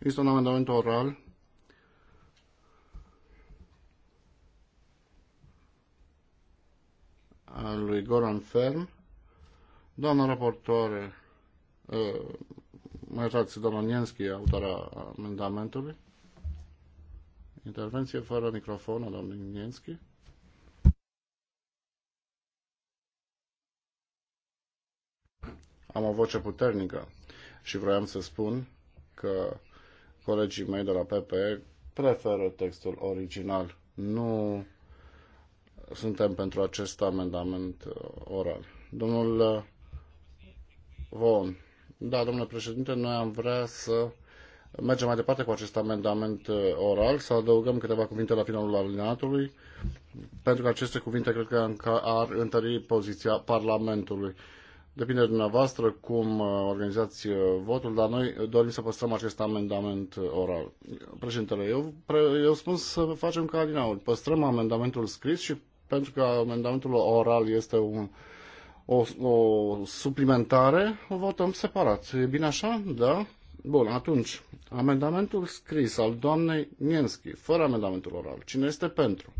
este un amendament oral al lui Goran Ferm. Doamna raportoare, mă iertați, doamna Nienski, autora amendamentului. Intervenție fără microfon a doamnei Nienski. Am o voce puternică și vreau să spun că colegii mei de la PP preferă textul original. Nu suntem pentru acest amendament uh, oral. Domnul uh, Von. Da, domnule președinte, noi am vrea să mergem mai departe cu acest amendament uh, oral, să adăugăm câteva cuvinte la finalul alineatului, pentru că aceste cuvinte cred că ar întări poziția Parlamentului. Depinde de dumneavoastră cum uh, organizați uh, votul, dar noi dorim să păstrăm acest amendament uh, oral. Președintele, eu, pre, eu spun să facem ca din aur. Păstrăm amendamentul scris și pentru că amendamentul oral este un, o, o suplimentare, o votăm separat. E bine așa? Da? Bun, atunci, amendamentul scris al doamnei Nienski, fără amendamentul oral, cine este pentru?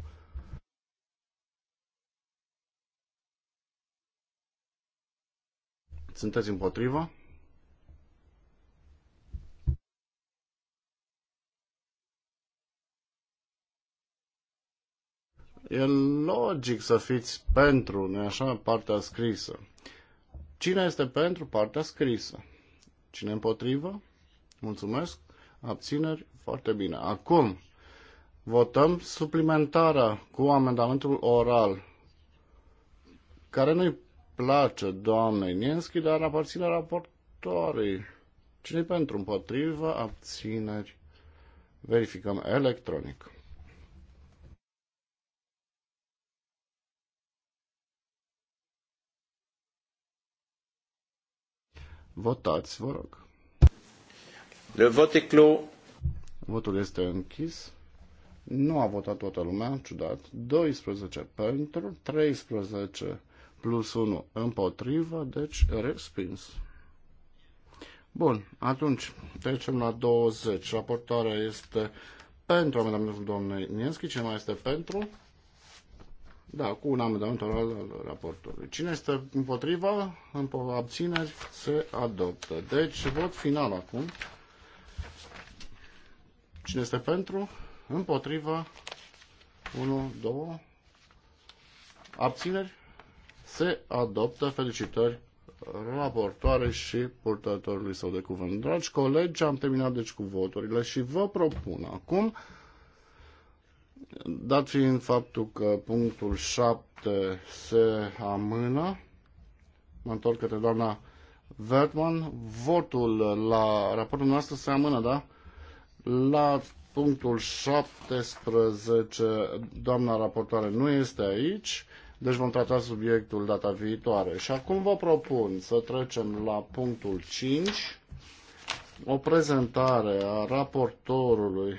Sunteți împotrivă? E logic să fiți pentru, nu așa, partea scrisă. Cine este pentru partea scrisă? Cine împotrivă? Mulțumesc. Abțineri? Foarte bine. Acum votăm suplimentarea cu amendamentul oral, care nu-i place doamnei Nienski, dar aparține raportoarei. Cine pentru împotrivă, abțineri. Verificăm electronic. Votați, vă rog. Le vot e clos. Votul este închis. Nu a votat toată lumea, ciudat. 12 pentru, 13 plus 1 împotrivă, deci respins. Bun, atunci trecem la 20. Raportarea este pentru amendamentul domnului Nienski. Cine mai este pentru? Da, cu un amendament oral al raportului. Cine este împotriva? Abțineri se adoptă. Deci, vot final acum. Cine este pentru? Împotriva. 1, 2. Abțineri? se adoptă. Felicitări raportoare și purtătorului său de cuvânt. Dragi colegi, am terminat deci cu voturile și vă propun acum, dat fiind faptul că punctul 7 se amână, mă întorc către doamna Vertman, votul la raportul nostru se amână, da? La punctul 17, doamna raportoare nu este aici, deci vom trata subiectul data viitoare. Și acum vă propun să trecem la punctul 5, o prezentare a raportorului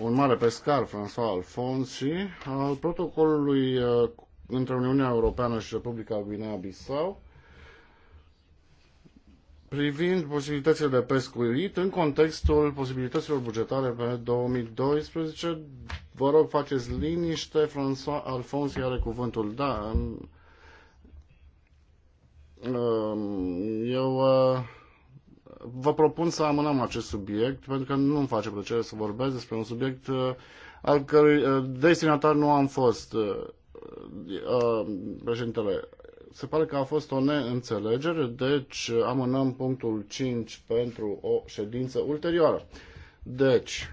un mare pescar, François Alfonsi, al protocolului uh, între Uniunea Europeană și Republica Guinea-Bissau privind posibilitățile de pescuit în contextul posibilităților bugetare pe 2012. Vă rog, faceți liniște. François Alfonsi are cuvântul. Da, um, eu uh, vă propun să amânăm acest subiect, pentru că nu-mi face plăcere să vorbesc despre un subiect uh, al cărui uh, destinatar nu am fost. Președintele, se pare că a fost o neînțelegere, deci amânăm punctul 5 pentru o ședință ulterioară. Deci,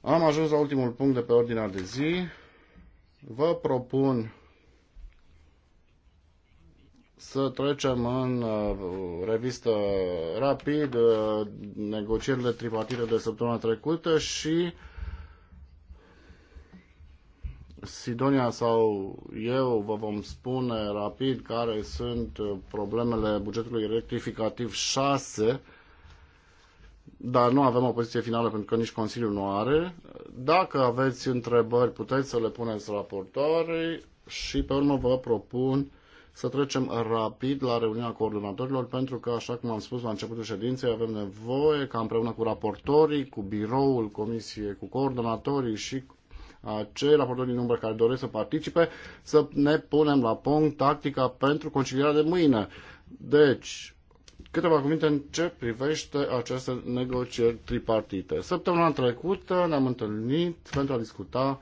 am ajuns la ultimul punct de pe ordinea de zi. Vă propun să trecem în uh, revistă rapid uh, negocierile tripartite de săptămâna trecută și Sidonia sau eu vă vom spune rapid care sunt uh, problemele bugetului rectificativ 6, dar nu avem o poziție finală pentru că nici Consiliul nu are. Dacă aveți întrebări, puteți să le puneți raportoarei și pe urmă vă propun să trecem rapid la reuniunea coordonatorilor pentru că, așa cum am spus la începutul ședinței, avem nevoie ca împreună cu raportorii, cu biroul comisiei, cu coordonatorii și acei raportori din număr care doresc să participe, să ne punem la punct tactica pentru concilierea de mâine. Deci, câteva cuvinte în ce privește aceste negocieri tripartite. Săptămâna trecută ne-am întâlnit pentru a discuta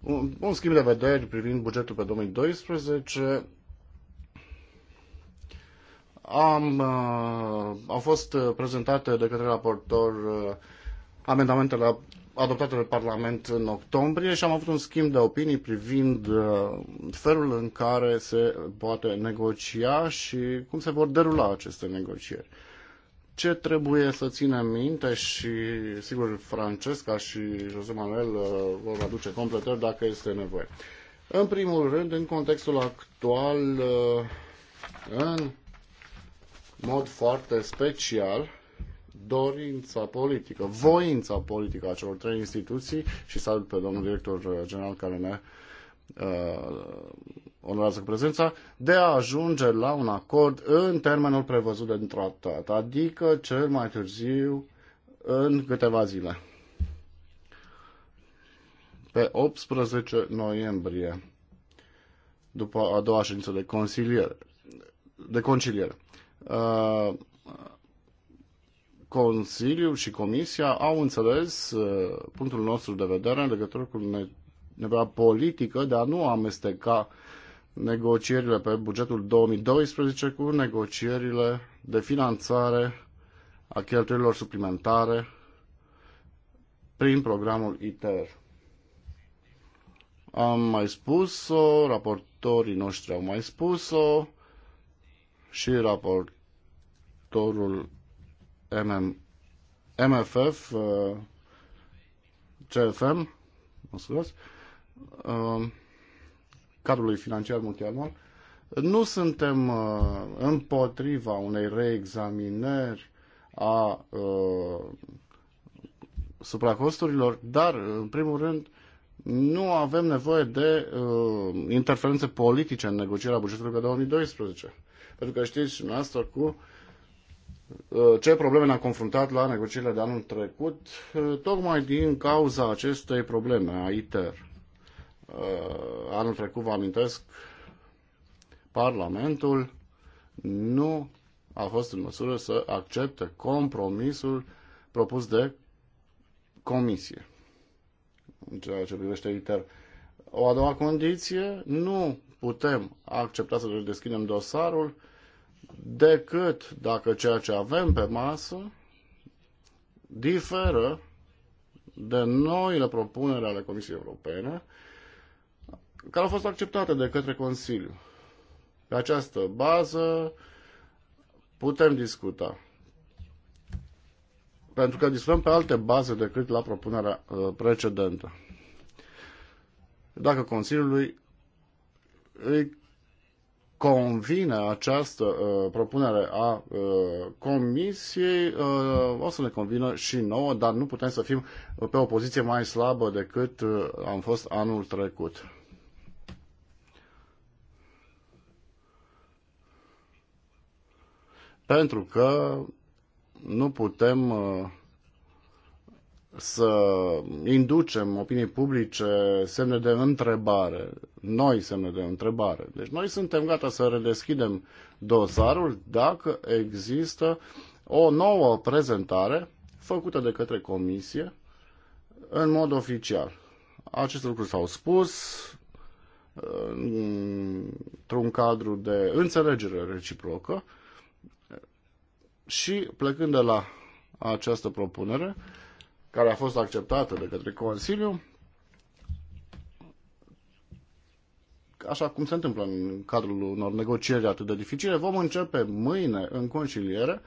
un, un schimb de vederi privind bugetul pe 2012 am, uh, au fost uh, prezentate de către raportor uh, amendamentele adoptate de Parlament în octombrie și am avut un schimb de opinii privind felul în care se poate negocia și cum se vor derula aceste negocieri. Ce trebuie să ținem minte și, sigur, Francesca și José Manuel vor aduce completări dacă este nevoie. În primul rând, în contextul actual, în mod foarte special dorința politică, voința politică a celor trei instituții și salut pe domnul director general care ne uh, onorează cu prezența, de a ajunge la un acord în termenul prevăzut de tratat, adică cel mai târziu în câteva zile. Pe 18 noiembrie, după a doua ședință de conciliere, de conciliere. Uh, Consiliul și Comisia au înțeles uh, punctul nostru de vedere în legătură cu nevoia politică de a nu amesteca negocierile pe bugetul 2012 cu negocierile de finanțare a cheltuielilor suplimentare prin programul ITER. Am mai spus-o, raportorii noștri au mai spus-o, și raportorul MM, MFF, uh, CFM, mă scuzați, uh, cadrului financiar multianual, nu suntem uh, împotriva unei reexaminări a uh, supracosturilor, dar, în primul rând, nu avem nevoie de uh, interferențe politice în negocierea bugetului pe 2012 pentru că știți noastră cu uh, ce probleme ne-am confruntat la negocierile de anul trecut, uh, tocmai din cauza acestei probleme a ITER. Uh, anul trecut, vă amintesc, Parlamentul nu a fost în măsură să accepte compromisul propus de Comisie în ceea ce privește ITER. O a doua condiție, nu putem accepta să deschidem dosarul decât dacă ceea ce avem pe masă diferă de noile propuneri ale Comisiei Europene care au fost acceptate de către Consiliu. Pe această bază putem discuta. Pentru că discutăm pe alte baze decât la propunerea uh, precedentă. Dacă Consiliului îi convine această uh, propunere a uh, Comisiei, uh, o să ne convină și nouă, dar nu putem să fim pe o poziție mai slabă decât uh, am fost anul trecut. Pentru că nu putem uh, să inducem opinii publice semne de întrebare, noi semne de întrebare. Deci noi suntem gata să redeschidem dosarul dacă există o nouă prezentare făcută de către comisie în mod oficial. Acest lucru s-au spus într-un cadru de înțelegere reciprocă și plecând de la această propunere, care a fost acceptată de către Consiliu, așa cum se întâmplă în cadrul unor negocieri atât de dificile, vom începe mâine în conciliere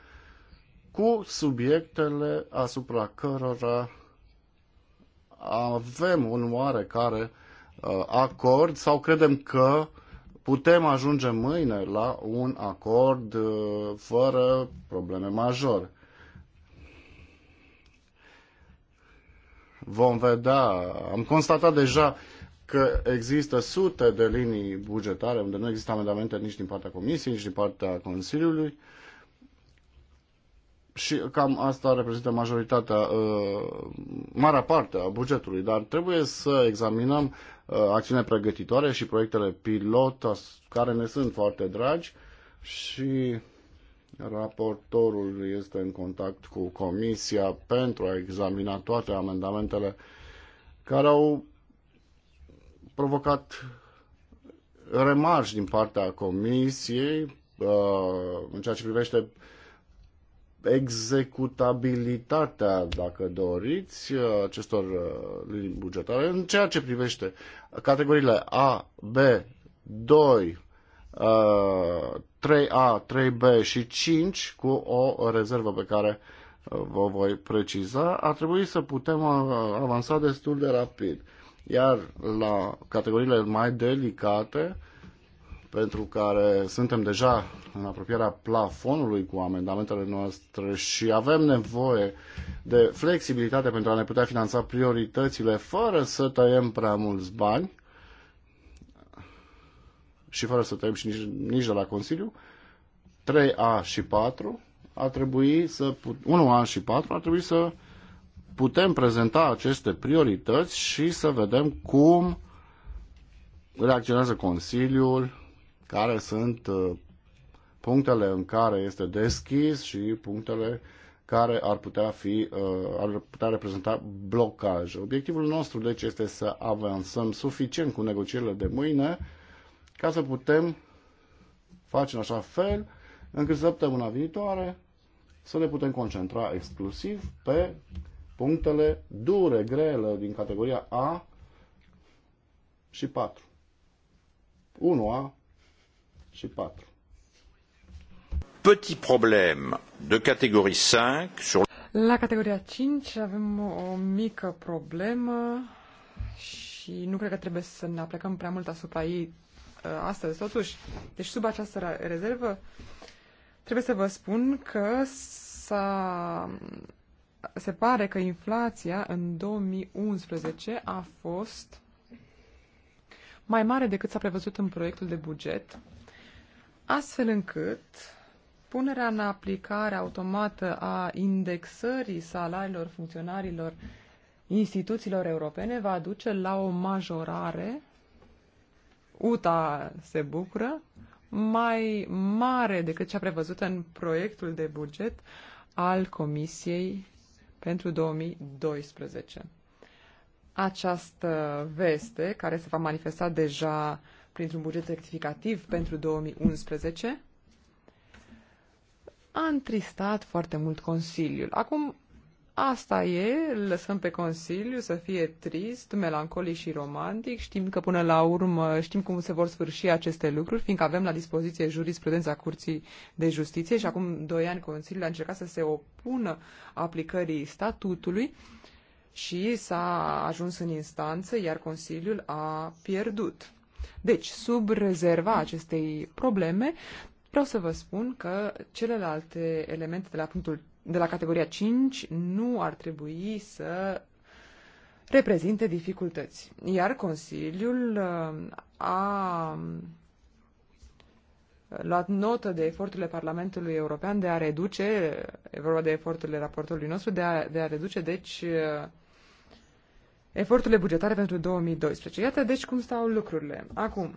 cu subiectele asupra cărora avem un oarecare uh, acord sau credem că putem ajunge mâine la un acord uh, fără probleme majore. Vom vedea, am constatat deja că există sute de linii bugetare unde nu există amendamente nici din partea Comisiei, nici din partea Consiliului și cam asta reprezintă majoritatea, uh, marea parte a bugetului, dar trebuie să examinăm uh, acțiune pregătitoare și proiectele pilot care ne sunt foarte dragi și Raportorul este în contact cu Comisia pentru a examina toate amendamentele care au provocat remarci din partea Comisiei uh, în ceea ce privește executabilitatea, dacă doriți, uh, acestor uh, linii bugetare. În ceea ce privește categoriile A, B, 2, 3A, 3B și 5 cu o rezervă pe care uh, vă voi preciza, ar trebui să putem uh, avansa destul de rapid. Iar la categoriile mai delicate, pentru care suntem deja în apropierea plafonului cu amendamentele noastre și avem nevoie de flexibilitate pentru a ne putea finanța prioritățile fără să tăiem prea mulți bani, și fără să tăiem și nici, nici de la Consiliu, 3A și 4 a trebui să, 1A și 4 ar trebui să putem prezenta aceste priorități și să vedem cum reacționează Consiliul, care sunt uh, punctele în care este deschis și punctele care ar putea, fi, uh, ar putea reprezenta blocaj. Obiectivul nostru, deci, este să avansăm suficient cu negocierile de mâine ca să putem face în așa fel încât săptămâna viitoare să ne putem concentra exclusiv pe punctele dure, grele din categoria A și 4. 1A și 4. Petit problem de categorie 5 sur la categoria 5 avem o mică problemă și nu cred că trebuie să ne aplecăm prea mult asupra ei Uh, astăzi, totuși. Deci sub această rezervă trebuie să vă spun că s-a, se pare că inflația în 2011 a fost mai mare decât s-a prevăzut în proiectul de buget, astfel încât punerea în aplicare automată a indexării salariilor funcționarilor instituțiilor europene va duce la o majorare UTA se bucură, mai mare decât cea prevăzută în proiectul de buget al Comisiei pentru 2012. Această veste, care se va manifesta deja printr-un buget rectificativ pentru 2011, a întristat foarte mult Consiliul. Acum Asta e, lăsăm pe Consiliu să fie trist, melancolic și romantic. Știm că până la urmă știm cum se vor sfârși aceste lucruri, fiindcă avem la dispoziție jurisprudența Curții de Justiție și acum doi ani Consiliul a încercat să se opună aplicării statutului și s-a ajuns în instanță, iar Consiliul a pierdut. Deci, sub rezerva acestei probleme, vreau să vă spun că celelalte elemente de la punctul de la categoria 5 nu ar trebui să reprezinte dificultăți. Iar Consiliul uh, a uh, luat notă de eforturile Parlamentului European de a reduce, e vorba de eforturile raportului nostru, de a, de a reduce, deci, uh, eforturile bugetare pentru 2012. Iată, deci, cum stau lucrurile. Acum,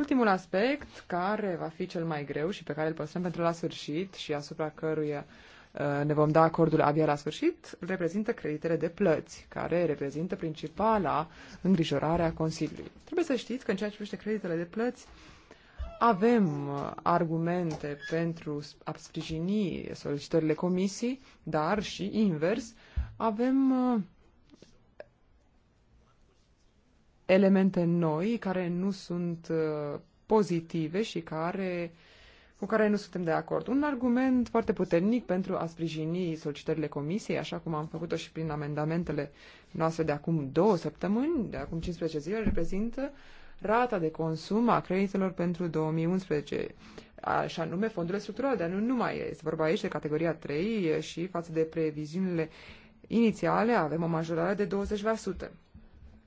Ultimul aspect, care va fi cel mai greu și pe care îl păstrăm pentru la sfârșit și asupra căruia uh, ne vom da acordul abia la sfârșit, reprezintă creditele de plăți, care reprezintă principala îngrijorare a Consiliului. Trebuie să știți că în ceea ce privește creditele de plăți, avem uh, argumente pentru a sprijini solicitările comisii, dar și invers, avem uh, elemente noi care nu sunt uh, pozitive și care, cu care nu suntem de acord. Un argument foarte puternic pentru a sprijini solicitările comisiei, așa cum am făcut-o și prin amendamentele noastre de acum două săptămâni, de acum 15 zile, reprezintă rata de consum a creditelor pentru 2011 și anume fondurile structurale, dar nu numai. Este vorba aici de categoria 3 și față de previziunile inițiale avem o majorare de 20%.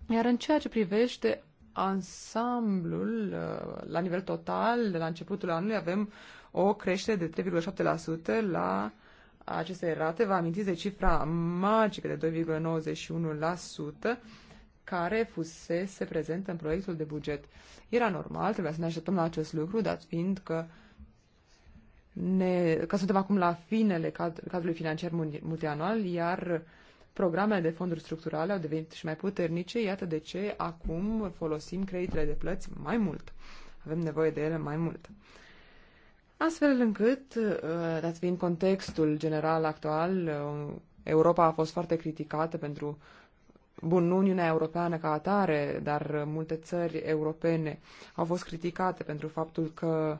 Iar în ceea ce privește ansamblul, uh, la nivel total, de la începutul anului avem o creștere de 3,7% la aceste rate. Vă amintiți de cifra magică de 2,91% care fusese prezentă în proiectul de buget. Era normal, trebuia să ne așteptăm la acest lucru, dat fiind că ne, că suntem acum la finele cad, cadrului financiar multianual, iar Programele de fonduri structurale au devenit și mai puternice, iată de ce acum folosim creditele de plăți mai mult. Avem nevoie de ele mai mult. Astfel încât, uh, dat fiind contextul general actual, uh, Europa a fost foarte criticată pentru Bun, nu Uniunea Europeană ca atare, dar uh, multe țări europene au fost criticate pentru faptul că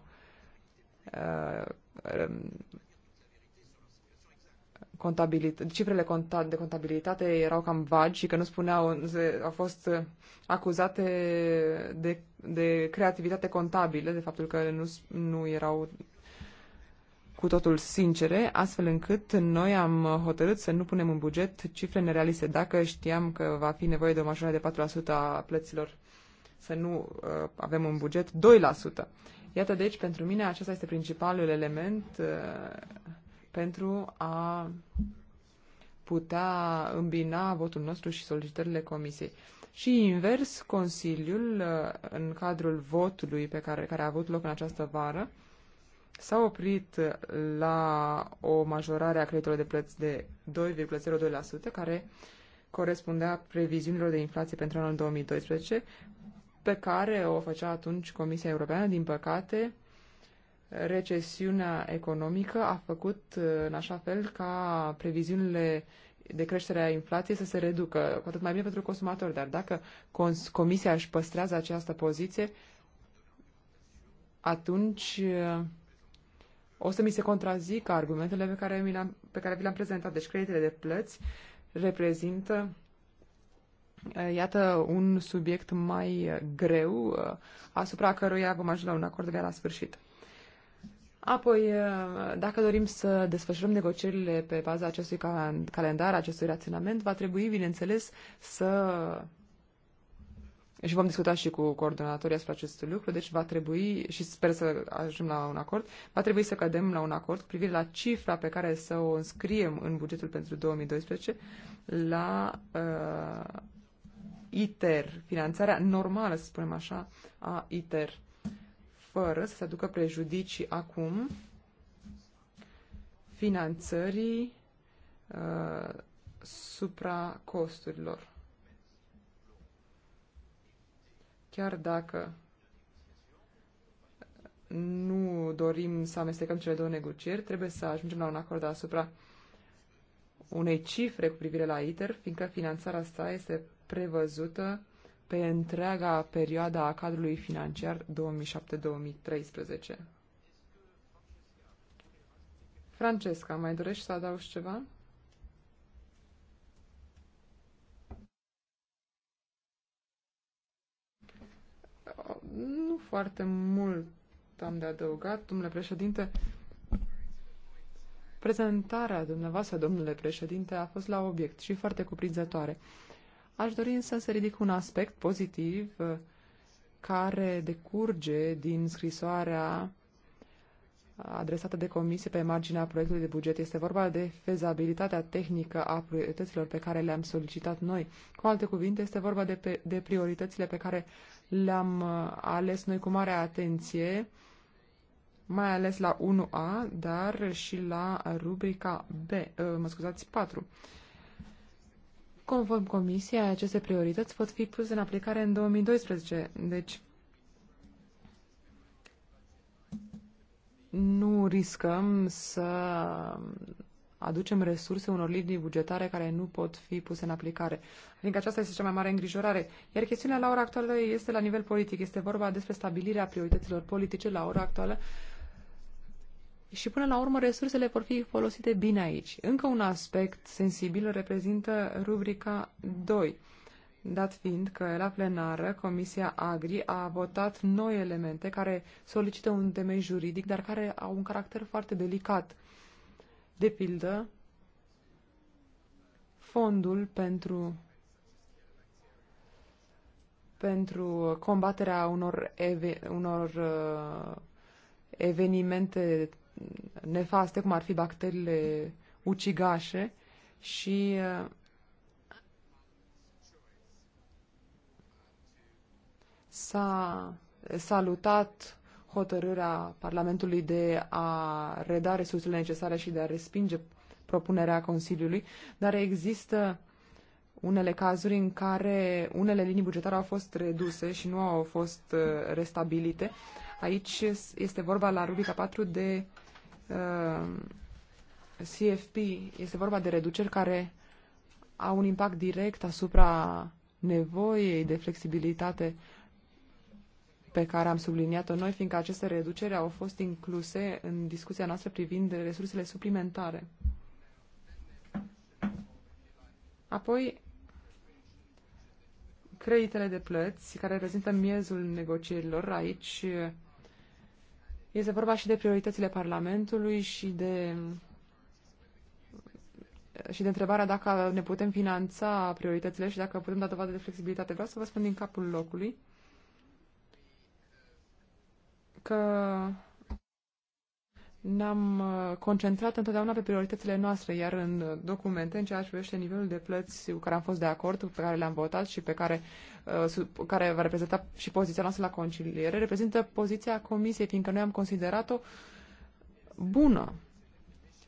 cifrele de contabilitate erau cam vagi și că nu spuneau, au fost uh, acuzate de, de creativitate contabilă, de faptul că nu, nu erau cu totul sincere, astfel încât noi am hotărât să nu punem în buget cifre nerealiste. Dacă știam că va fi nevoie de o majorare de 4% a plăților, să nu uh, avem în buget 2%. Iată, deci, pentru mine acesta este principalul element uh, pentru a putea îmbina votul nostru și solicitările Comisiei. Și invers, Consiliul, uh, în cadrul votului pe care, care a avut loc în această vară, s-a oprit la o majorare a creditelor de plăți de 2,02%, care corespundea previziunilor de inflație pentru anul 2012, pe care o făcea atunci Comisia Europeană. Din păcate, recesiunea economică a făcut uh, în așa fel ca previziunile de creștere a inflației să se reducă, cu atât mai bine pentru consumatori. Dar dacă Comisia își păstrează această poziție, atunci uh, o să mi se contrazică argumentele pe care, mi le-am, pe care vi le-am prezentat. Deci creditele de plăți reprezintă, uh, iată, un subiect mai greu asupra căruia vom ajunge la un acord de la sfârșit. Apoi, uh, dacă dorim să desfășurăm negocierile pe baza acestui calendar, acestui raționament, va trebui, bineînțeles, să... Și vom discuta și cu coordonatorii asupra acestui lucru, deci va trebui, și sper să ajungem la un acord, va trebui să cădem la un acord cu privire la cifra pe care să o înscriem în bugetul pentru 2012 la uh, ITER, finanțarea normală, să spunem așa, a ITER fără să se aducă prejudicii acum finanțării uh, supracosturilor. Chiar dacă nu dorim să amestecăm cele două negocieri, trebuie să ajungem la un acord asupra unei cifre cu privire la ITER, fiindcă finanțarea asta este prevăzută pe întreaga perioadă a cadrului financiar 2007-2013. Francesca, mai dorești să adaugi ceva? Nu foarte mult am de adăugat, domnule președinte. Prezentarea dumneavoastră, domnule președinte, a fost la obiect și foarte cuprinzătoare. Aș dori însă să ridic un aspect pozitiv uh, care decurge din scrisoarea adresată de comisie pe marginea proiectului de buget. Este vorba de fezabilitatea tehnică a priorităților pe care le-am solicitat noi. Cu alte cuvinte, este vorba de, pe, de prioritățile pe care le-am uh, ales noi cu mare atenție, mai ales la 1A, dar și la rubrica B, uh, mă scuzați, 4. Conform Comisiei, aceste priorități pot fi puse în aplicare în 2012, deci nu riscăm să aducem resurse unor linii bugetare care nu pot fi puse în aplicare. Adică aceasta este cea mai mare îngrijorare. Iar chestiunea la ora actuală este la nivel politic. Este vorba despre stabilirea priorităților politice la ora actuală și până la urmă resursele vor fi folosite bine aici. Încă un aspect sensibil reprezintă rubrica 2, dat fiind că la plenară Comisia Agri a votat noi elemente care solicită un temei juridic, dar care au un caracter foarte delicat. De pildă, fondul pentru pentru combaterea unor, ev- unor uh, evenimente nefaste, cum ar fi bacteriile ucigașe și uh, s-a salutat hotărârea Parlamentului de a reda resursele necesare și de a respinge propunerea Consiliului, dar există unele cazuri în care unele linii bugetare au fost reduse și nu au fost uh, restabilite. Aici este vorba la rubrica 4 de Uh, CFP este vorba de reduceri care au un impact direct asupra nevoiei de flexibilitate pe care am subliniat-o noi, fiindcă aceste reduceri au fost incluse în discuția noastră privind resursele suplimentare. Apoi, creditele de plăți, care reprezintă miezul negocierilor aici, este vorba și de prioritățile Parlamentului și de și de întrebarea dacă ne putem finanța prioritățile și dacă putem da dovadă de flexibilitate. Vreau să vă spun din capul locului că ne-am uh, concentrat întotdeauna pe prioritățile noastre, iar în uh, documente, în ceea ce privește nivelul de plăți cu care am fost de acord, pe care le-am votat și pe care, uh, care va reprezenta și poziția noastră la conciliere, reprezintă poziția Comisiei, fiindcă noi am considerat-o bună.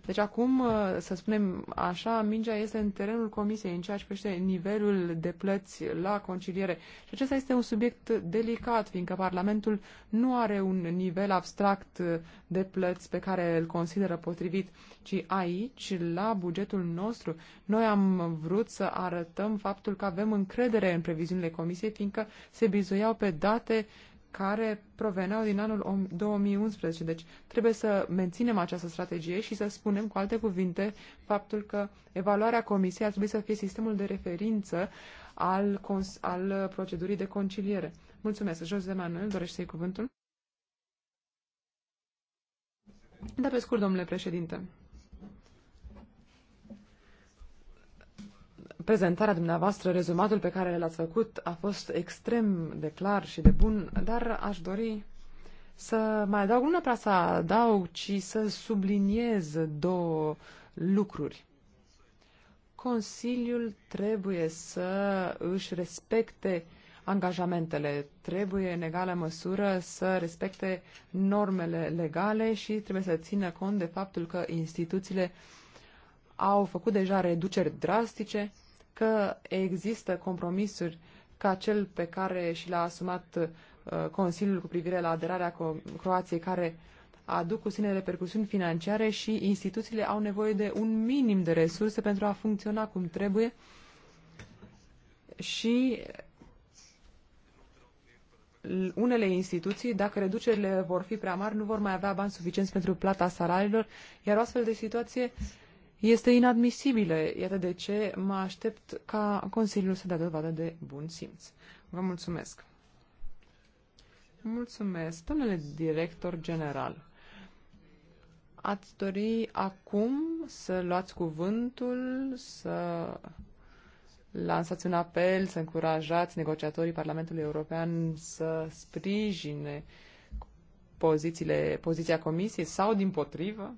Deci acum, uh, să spunem așa, mingea este în terenul comisiei în ceea ce privește nivelul de plăți la conciliere. Și acesta este un subiect delicat, fiindcă Parlamentul nu are un nivel abstract de plăți pe care îl consideră potrivit, ci aici, la bugetul nostru, noi am vrut să arătăm faptul că avem încredere în previziunile comisiei, fiindcă se bizuiau pe date uh, care proveneau din anul 2011. Deci trebuie să menținem această strategie și să spunem, cu alte cuvinte, faptul că evaluarea comisiei ar trebui să fie sistemul de referință al, al procedurii de conciliere. Mulțumesc. Jose Manuel, dorește să-i cuvântul? Da, pe scurt, domnule președinte. prezentarea dumneavoastră, rezumatul pe care l-ați făcut a fost extrem de clar și de bun, dar aș dori să mai adaug, nu neapărat să adaug, ci să subliniez două lucruri. Consiliul trebuie să își respecte angajamentele, trebuie în egală măsură să respecte normele legale și trebuie să țină cont de faptul că instituțiile au făcut deja reduceri drastice că există compromisuri ca cel pe care și l-a asumat uh, Consiliul cu privire la aderarea Croației, care aduc cu sine repercusiuni financiare și instituțiile au nevoie de un minim de resurse pentru a funcționa cum trebuie și unele instituții, dacă reducerile vor fi prea mari, nu vor mai avea bani suficienți pentru plata salariilor, iar o astfel de situație uh, este inadmisibilă. Iată de ce mă aștept ca Consiliul să dea dovadă de bun simț. Vă mulțumesc! Mulțumesc, domnule director general. Ați dori acum să luați cuvântul, să lansați un apel, să încurajați negociatorii Parlamentului European să sprijine pozițiile, poziția Comisiei sau din potrivă?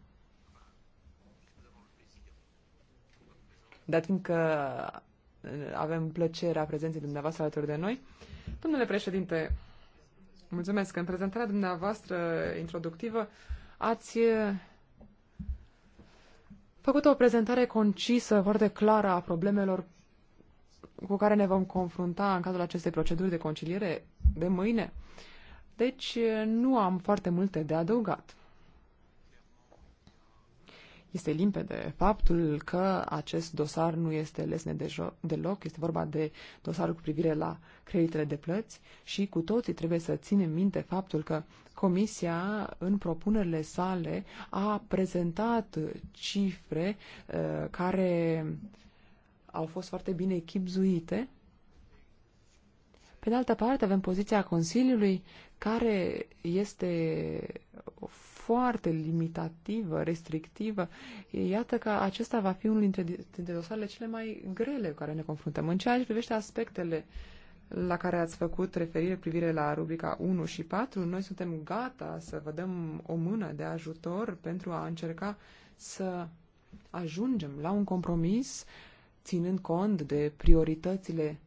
dat fiindcă uh, avem plăcerea prezenței dumneavoastră alături de noi. Domnule președinte, mulțumesc. În prezentarea dumneavoastră introductivă ați uh, făcut o prezentare concisă, foarte clară a problemelor cu care ne vom confrunta în cadrul acestei proceduri de conciliere de mâine. Deci uh, nu am foarte multe de adăugat. Este limpede faptul că acest dosar nu este lesne de deloc, este vorba de dosarul cu privire la creditele de plăți și cu toții trebuie să ținem minte faptul că Comisia, în propunerile sale, a prezentat cifre uh, care au fost foarte bine echipzuite. Pe de altă parte, avem poziția Consiliului, care este foarte limitativă, restrictivă, iată că acesta va fi unul dintre, dintre dosarele cele mai grele cu care ne confruntăm. În ceea ce privește aspectele la care ați făcut referire privire la rubrica 1 și 4, noi suntem gata să vă dăm o mână de ajutor pentru a încerca să ajungem la un compromis ținând cont de prioritățile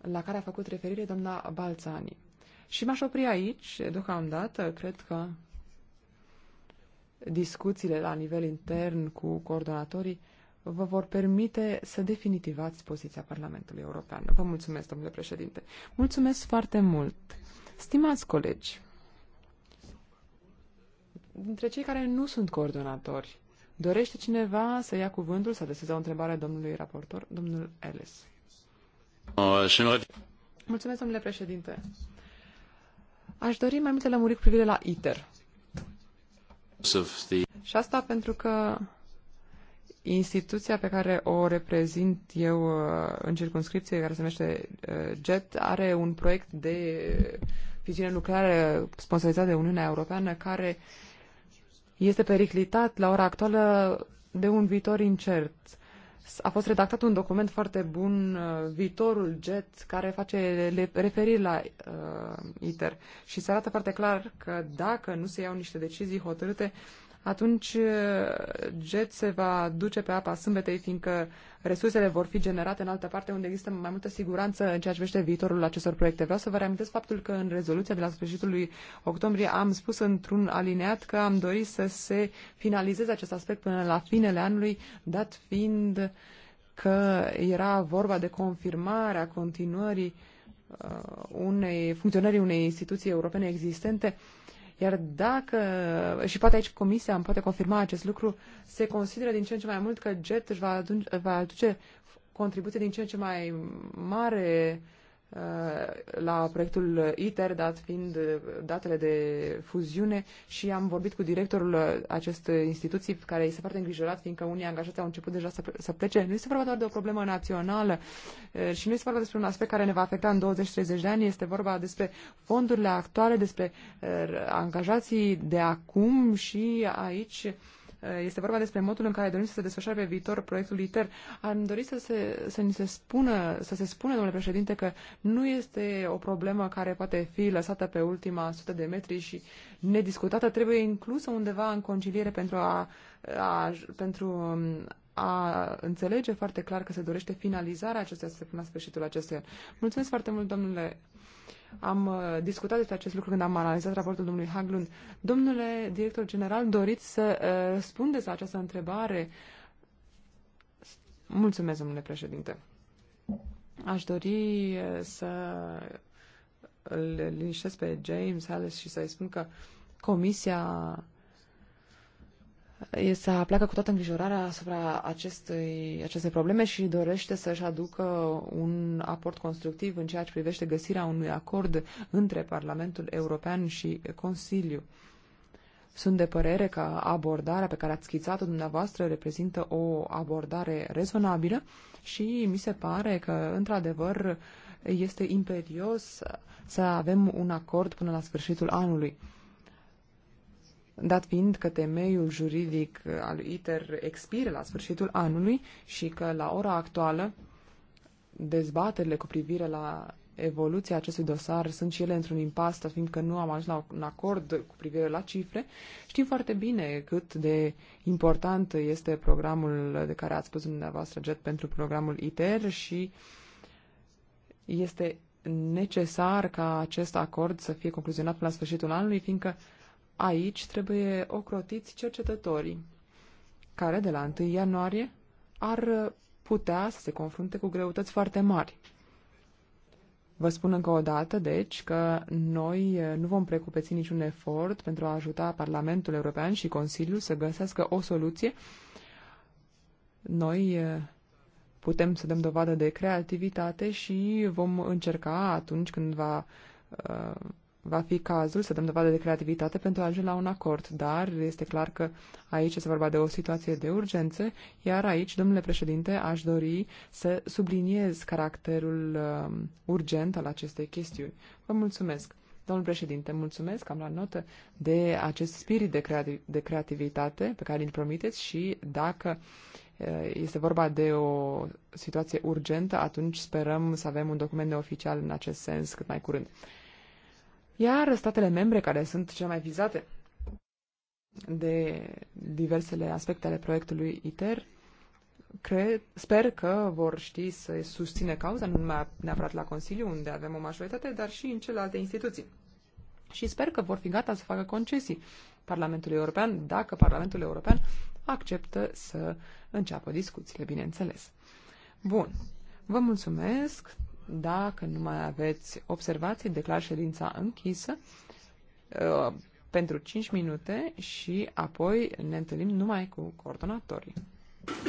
la care a făcut referire doamna Balțani. Și m-aș opri aici, deocamdată, cred că discuțiile la nivel intern cu coordonatorii vă vor permite să definitivați poziția Parlamentului European. Vă mulțumesc, domnule președinte. Mulțumesc foarte mult. Stimați colegi, dintre cei care nu sunt coordonatori, dorește cineva să ia cuvântul, să adreseze o întrebare domnului raportor, domnul Ellis. Uh, mulțumesc, domnule președinte. Aș dori mai multe lămuriri cu privire la ITER. Și asta pentru că instituția pe care o reprezint eu uh, în circunscripție, care se numește uh, JET, are un proiect de fiziune nucleară sponsorizat de Uniunea Europeană care este periclitat la ora actuală de un viitor incert a fost redactat un document foarte bun, uh, Viitorul JET, care face referire la uh, ITER și se arată foarte clar că dacă nu se iau niște decizii hotărâte, atunci uh, jet se va duce pe apa sâmbetei, fiindcă resursele vor fi generate în altă parte unde există mai multă siguranță în ceea ce privește viitorul acestor proiecte. Vreau să vă reamintesc faptul că în rezoluția de la sfârșitul lui octombrie am spus într-un alineat că am dorit să se finalizeze acest aspect până la finele anului, dat fiind că era vorba de confirmarea continuării uh, unei funcționării unei instituții europene existente iar dacă, și poate aici Comisia îmi poate confirma acest lucru, se consideră din ce în ce mai mult că JET își va, adun, va aduce contribuție din ce în ce mai mare Uh, la proiectul ITER, dat fiind uh, datele de fuziune și am vorbit cu directorul acestei instituții care este foarte îngrijorat, fiindcă unii angajați au început deja să, să plece. Nu este vorba doar de o problemă națională uh, și nu este vorba despre un aspect care ne va afecta în 20-30 de ani, este vorba despre fondurile actuale, despre angajații de acum și aici Eh, este vorba despre modul în care dorim să se desfășoare pe viitor proiectul ITER. Am dorit să se, să ni se spună, să se spună, domnule președinte, că nu este o problemă care poate fi lăsată pe ultima sută de metri și nediscutată, trebuie inclusă undeva în conciliere pentru a, a pentru um, a înțelege foarte clar că se dorește finalizarea acestei să se pună la sfârșitul an. Mulțumesc foarte mult, domnule am uh, discutat despre acest lucru când am analizat raportul domnului Haglund. Domnule director general, doriți să uh, răspundeți la această întrebare? Mulțumesc, domnule președinte. Aș dori uh, să îl liniștesc pe James Halles și să-i spun că Comisia să pleacă cu toată îngrijorarea asupra acestei, acestei probleme și dorește să-și aducă un aport constructiv în ceea ce privește găsirea unui acord între Parlamentul European și Consiliu. Sunt de părere că abordarea pe care ați schițat-o dumneavoastră reprezintă o abordare rezonabilă și mi se pare că, într-adevăr, este imperios să avem un acord până la sfârșitul anului dat fiind că temeiul juridic al ITER expiră la sfârșitul anului și că la ora actuală dezbaterile cu privire la evoluția acestui dosar sunt și ele într-un impas, fiindcă nu am ajuns la un acord cu privire la cifre. Știm foarte bine cât de important este programul de care ați spus dumneavoastră, JET, pentru programul ITER și este necesar ca acest acord să fie concluzionat până la sfârșitul anului, fiindcă uh, Aici trebuie ocrotiți cercetătorii, care de la 1 ianuarie ar putea să se confrunte cu greutăți foarte mari. Vă spun încă o dată, deci, că noi nu vom precupeți niciun efort pentru a ajuta Parlamentul European și Consiliul să găsească o soluție. Noi eh, putem să dăm dovadă de creativitate și vom încerca atunci când va eh, va fi cazul să dăm dovadă de creativitate pentru a ajunge la un acord, dar este clar că aici este vorba de o situație de urgență, iar aici, domnule președinte, aș dori să subliniez caracterul uh, urgent al acestei chestiuni. Vă mulțumesc! Domnul președinte, mulțumesc, am luat notă de acest spirit de, creativ- de creativitate pe care îl promiteți și dacă uh, este vorba de o situație urgentă, atunci sperăm să avem un document neoficial în acest sens cât mai curând. Iar statele membre care sunt cele mai vizate de diversele aspecte ale proiectului ITER, cred, sper că vor ști să susține cauza, nu numai neapărat la Consiliu, unde avem o majoritate, dar și în celelalte instituții. Și sper că vor fi gata să facă concesii Parlamentului European, dacă Parlamentul European acceptă să înceapă discuțiile, bineînțeles. Bun. Vă mulțumesc. Dacă nu mai aveți observații, declar ședința închisă uh, pentru 5 minute și apoi ne întâlnim numai cu coordonatorii.